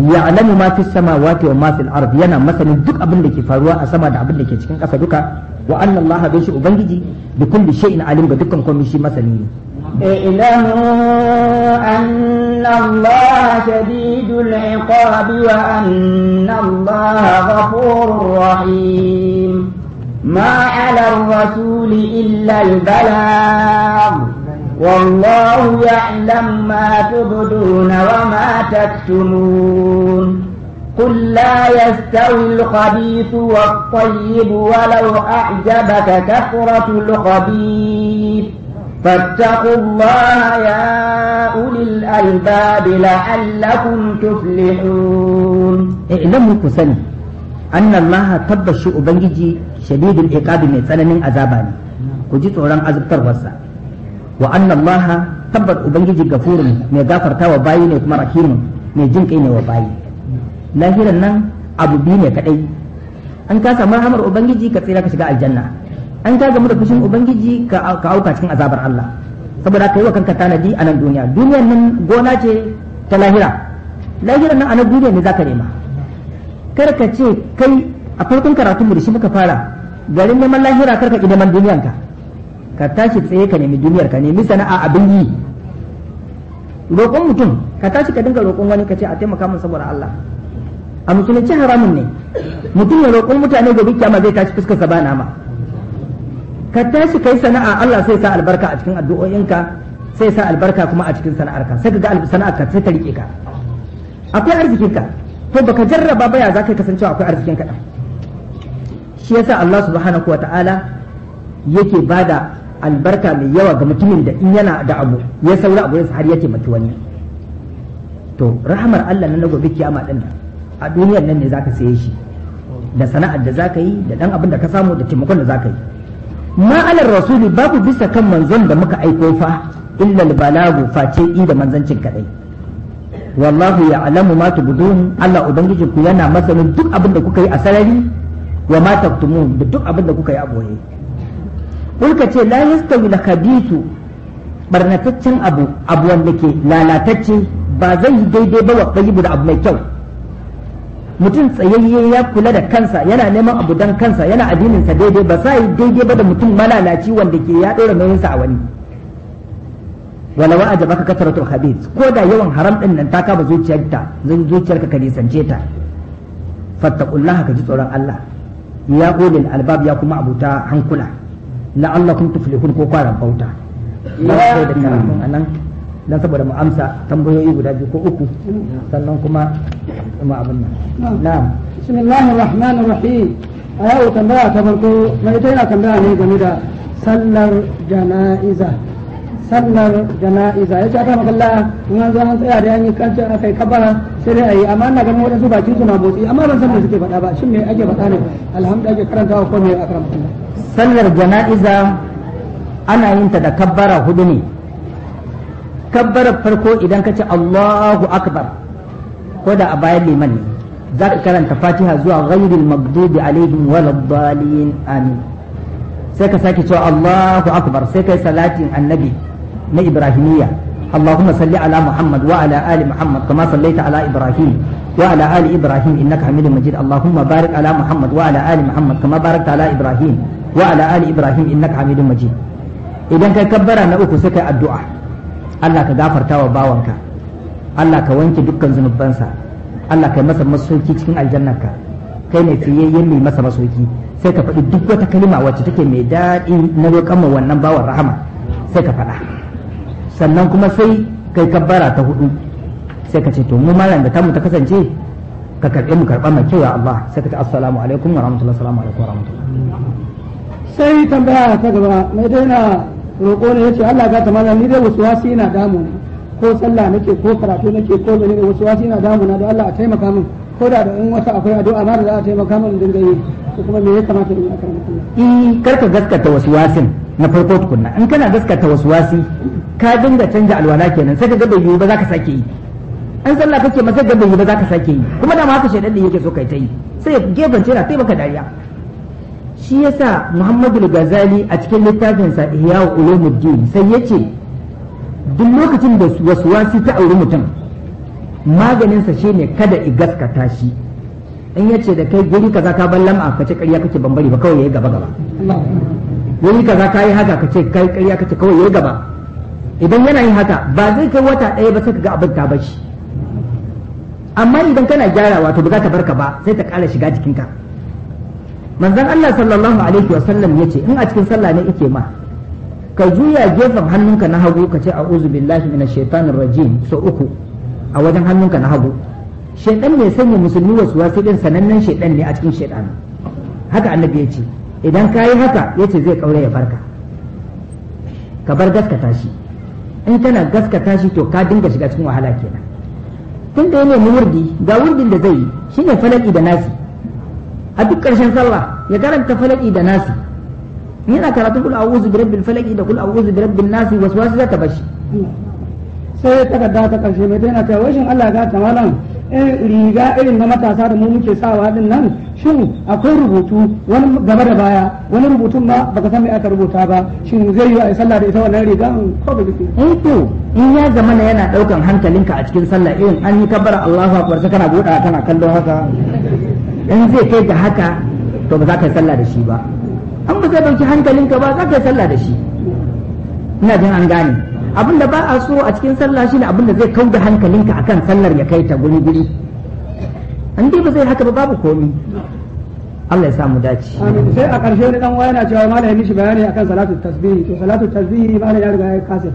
ya'lamu ma fis samawati wa ma fil yana masanin duk abin da ke faruwa a sama da abin da ke cikin ƙasa duka wa annallaha bai shi ubangiji bi kulli shay'in alim ga dukkan komai masani ne اعلموا أن الله شديد العقاب وأن الله غفور رحيم ما على الرسول إلا البلاغ والله يعلم ما تبدون وما تكتمون قل لا يستوي الخبيث والطيب ولو أعجبك كثرة الخبيث فاتقوا الله يا أولي الألباب لعلكم تفلحون اعلموا كسني أن الله تبشي أبنجي شديد العقاب من سنن عذاباني وجيت أوران عذاب تروسا وأن الله تبت أبنجي غفور من غفر تاوى بايني كما رحيم من جنك إني وبايني لاهيرا نان أبو بيني كأي أن كاسا مرحمر أبنجي كثيرا كشغاء الجنة an ta gamu da fushin ubangiji ka auka cikin azabar Allah saboda ka yi wa kanka tanadi a nan duniya duniyar nan gona ce ta lahira lahira nan a nan duniya ne zaka nema kar ka ce kai a farkon karatun mu da shi muka fara garin neman lahira kar ka ki neman duniyar ka ka tashi tsaye ka nemi duniyar ka nemi sana'a abin yi roƙon mutum ka tashi ka dinga roƙon wani ka ce a taimaka min saboda Allah a musulunci haramun ne mutum ya roƙon mutane gobe kyama zai tashi fuskar sabana ma ka tashi kai sana'a Allah sai sa albarka a cikin addu'o'inka sai sa albarka kuma a cikin sana'arka sai ka ga sana'arka sai ta rike ka akwai arzikinka to baka jarraba ba ya za ka kasancewa akwai arzikinka kaɗan shi yasa Allah subhanahu wa ta'ala yake bada albarka mai yawa ga mutumin da in yana da abu ya saura abu har ya taimaki wani to rahamar Allah na gobe kiyama din a duniyar nan ne zaka saye shi da sana'ar da zaka yi da dan abin da ka samu da taimakon da zaka yi ma alar rasuli babu bisa kan manzon da muka aiko fa illa balagu face i da manzancin kadai wallahu ya'lamu ma tubdun Allah ubangiji ku yana masanin duk abin da kuka yi a sarari wa ma taktumun da duk abin da kuka yi a boye kulka ce la yastawi la khabithu barnataccen abu abu wanda ke lalatacce ba zai yi daidai ba wa da abu mai kyau mutum tsayayye ya kula da kansa yana neman abu dan kansa yana addininsa daidai ba yi daidai ba da mutum malalaci wanda ke ya ɗora nauyinsa a wani wala wa kasara to habib ko da yawan haram din nan ta kaba zuciyarta zan zuciyarka ka nisance ta fattaqullah ka ji tsoron Allah ya gode albab ya kuma abuta hankula la'allakum tuflihun ko kwaran bauta ya da karatun anan dan saboda mu amsa tambayoyi guda biyu ko uku sannan kuma mu abin nan na'am bismillahir rahmanir rahim a yau tambaya ta farko mai dai na tambaya ne game da sallar jana'iza sallar jana'iza ya ce aka makalla in an zo an tsaya da yanyi yi a aka yi kabara sai dai a yi amma ina ganin waɗansu bakin su na motsi amma ban san me suke faɗa ba shin me ake faɗa ne alhamdulillah ake karantawa ko me akramu sallar jana'iza ana yin ta da kabbara hudu ne kabbarar farko idan ka ce Allahu akbar ko da a bayan liman ne za ka karanta fatiha zuwa ghairil maghdubi alaihim waladdallin amin sai ka sake cewa Allahu akbar sai kai salatin annabi na ibrahimiyya اللهم صل على محمد وعلى آل محمد كما صليت على إبراهيم وعلى آل إبراهيم إنك ala مجيد اللهم بارك على محمد وعلى آل ala كما باركت على إبراهيم وعلى آل إبراهيم إنك حميد مجيد إذا كبر أن أكو سكى addu'a. Allah ka gafarta wa bawanka Allah ka wanke dukkan zunubansa Allah ka masa masoki cikin aljannarka kai ne fiyayyen mai masa masoki sai ka faɗi duk wata kalima wacce take mai daɗi na roƙon ma wannan bawan rahama sai ka faɗa sannan kuma sai kai kabbara ta hudu sai ka ce to mu malam da tamu ta kasance ka karɓi mu karɓa mai kyau ya Allah sai ka ce assalamu alaikum wa rahmatullahi wa alaikum wa rahmatullahi sai tambaya ta gaba mai daina roƙo ne yace Allah ga ta malam ni dai wasu na damu ne ko sallah nake ko karatu nake ko mene da wasu na damu na da Allah a taimaka min ko da da in wata akwai addu'a ma da za a taimaka min dinga yi ko kuma me ya kamata in yi a karanta in karka gaskata wasu wasin na farko tukunna in kana gaskata wasu wasi ka dinga canja alwala kenan sai ka ga bai yiwu ba za ka sake yi an sallah kake ma sai ga bai yi ba za ka sake yi kuma da ma haka shaidan ne yake so kai ta yi sai gefen ce taimaka dariya shi ya sa muhammadu gazali a cikin littafinsa ihya ulumuddin sai ya ce duk lokacin da wasu wasu ta auri mutum maganinsa ne kada i gaskata shi in ya ce da kai guri kaza ka ban lam'a ka ce ƙarya kake bambari ba kawai yayi gaba gaba guri kaza ka yi haka ka ce kai ƙarya kake kawai yayi gaba idan yana yin haka ba zai kai wata ɗaya ba sai ka ga abin ta bashi amma idan kana gyarawa to ba za ta barka ba sai ta ƙara shiga jikinka manzon Allah sallallahu alaihi wasallam ce in a cikin sallah ne ike ma ka juya gefen hannunka na hagu ka ce a a'udhu billahi na shaitanin rajim so uku a wajen hannunka na hagu shaitan ne sanya musulmi wasu wasu din sanannen shaitan ne a cikin shaitan haka annabi ya ce idan ka yi haka ya ce zai kaure ya farka ka bar gaskata shi in kana gaskata shi to ka dinga shiga cikin wahala kenan tun da yana murdi ga wurdin da zai yi shine falaki da nasi a duk ƙarshen sallah ya karanta falaki da nasi yana karatu kul a'udhu bi rabbil falaki da kul a'udhu bi rabbin nasi waswasu za ta bashi sai ya takarda ta ƙarshe mai tana ta washin Allah ga ta malam eh, riga irin na matasa da mu muke sawa din nan shin akwai rubutu wani gaba da baya wani rubutun ma baka san me aka rubuta ba shin zai yi a sallah da ita wannan riga ko ba kike eh to in ya zama yana daukan hankalinka a cikin sallah irin an yi kabbara Allahu akbar sai kana buɗa kana kallon haka in zai kai da haka to ba za ka yi sallah da shi ba an ba zai ɗauki hankalinka ba za ka yi sallah da shi ina jin an gane abin da ba a so a cikin sallah shine abin da zai kau da hankalinka akan sallar ya kai ta guri guri an dai ba zai haka ba babu komi Allah ya samu dace sai a ƙarshe wani dan yana cewa malami mishi bayani akan salatu tasbihi to salatu tasbihi malami ya riga ya kasa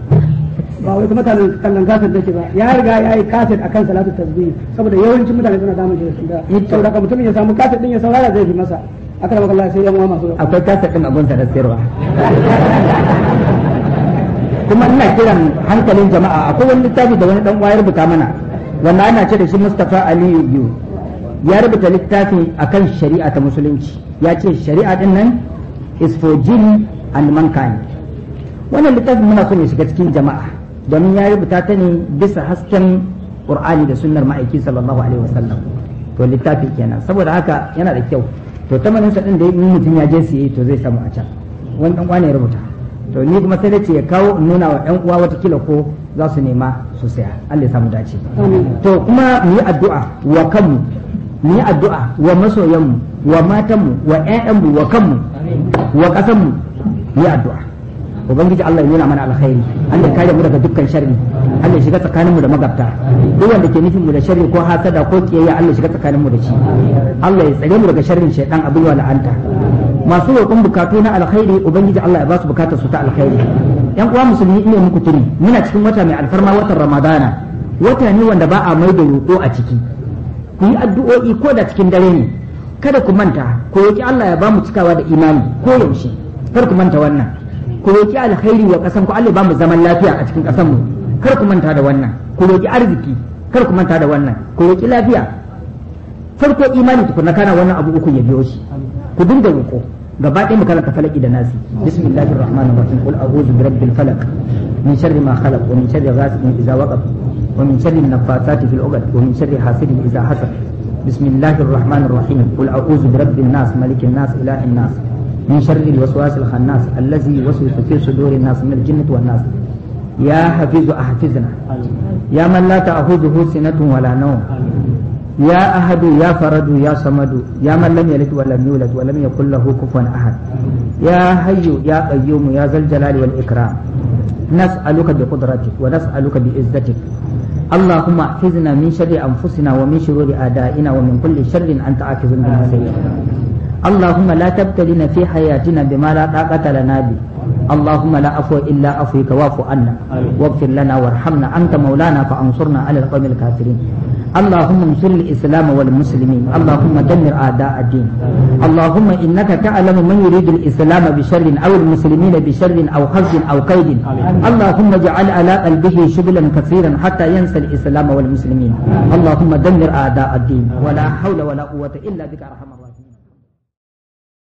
ba wai mutanen kallon gasar da ke ba ya riga ya yi kaset akan salatu tasbih saboda yawancin mutane suna damun shi da saboda ka mutum ya samu kaset din ya saurara zai fi masa akan maka Allah sai yan uwa masu akwai kaset din abun da sirwa kuma ina kiran hankalin jama'a akwai wani littafi da wani dan uwa ya rubuta mana wanda ana ce da shi Mustafa Aliyu Biyu ya rubuta littafi akan shari'a ta musulunci ya ce shari'a din nan is for jinn and mankind wannan littafin muna so ya shiga cikin jama'a domin ya rubuta ta ne bisa hasken ƙurani da sunnar ma'aiki sallallahu alaihi wasallam to littafi kenan saboda haka yana da kyau to ta sa din da mutum ya je siye to zai samu a can wani dan kwana ya rubuta to ni kuma sai ce ya kawo in nuna wa ɗan uwa wata kila ko za su nema su saya Allah ya samu dace to kuma mu yi addu'a wa kanmu mu yi addu'a wa masoyanmu wa matanmu wa ƴaƴanmu wa kanmu wa ƙasanmu mu yi addu'a ubangiji Allah ya nuna mana alkhairi Allah ya kare mu daga dukkan sharri Allah ya shiga tsakanin mu da magabta duk wanda ke nufin mu da sharri ko hasada ko kiyayya Allah ya shiga tsakanin mu da shi Allah ya tsare mu daga sharrin shaytan abin wa la'anta masu roƙon bukatu na alkhairi ubangiji Allah ya ba su bukatar su ta alkhairi yan uwa musulmi ina muku tuni muna cikin wata mai alfarma watan ramadana wata ne wanda ba a mai da roƙo a ciki ku yi addu'o'i ko da cikin dare ne kada ku manta ko yake Allah ya ba mu cikawa da imani ko yaushe kar ku manta wannan ku roki alkhairi wa kasan ku Allah ba mu zaman lafiya a cikin kasan mu kar ku manta da wannan ku roki arziki kar ku manta da wannan ku roki lafiya farko imani na kana wannan abu uku ya biyo shi ku dinga roko gaba ɗaya makalar ka falaki da nasi bismillahir rahmanir rahim qul a'udhu bi rabbil falaq min sharri ma khalaq wa min sharri ghasiqin idza waqab wa min sharri nafathati fil 'uqad wa min sharri hasidin idza hasad بسم الله الرحمن الرحيم قل أعوذ برب الناس ملك الناس إله الناس min sharri alwaswas alkhannas allazi yuwaswisu fi sudur nas min aljinni wan nas ya hafizu ahfizna ya man la ta'khudhuhu sinatun wala nawm ya ahadu ya faradu ya samadu ya man lam yalid wa lam yulad wa lam yakul ahad ya hayyu ya qayyum ya zal jalali wal ikram nas'aluka bi qudratik wa nas'aluka bi izzatik اللهم احفظنا من شر انفسنا ومن شرور اعدائنا ومن كل شر انت عاكف بنا اللهم لا تبتلنا في حياتنا بما لا طاقة لنا به اللهم لا عفو إلا عفوك واعف عنا واغفر لنا وارحمنا أنت مولانا فانصرنا على القوم الكافرين اللهم انصر الإسلام والمسلمين اللهم دمر أعداء الدين اللهم إنك تعلم من يريد الإسلام بشر أو المسلمين بشر أو خز أو قيد اللهم اجعل على قلبه شغلا كثيرا حتى ينسى الإسلام والمسلمين اللهم دمر أعداء الدين ولا حول ولا قوة إلا بك أرحم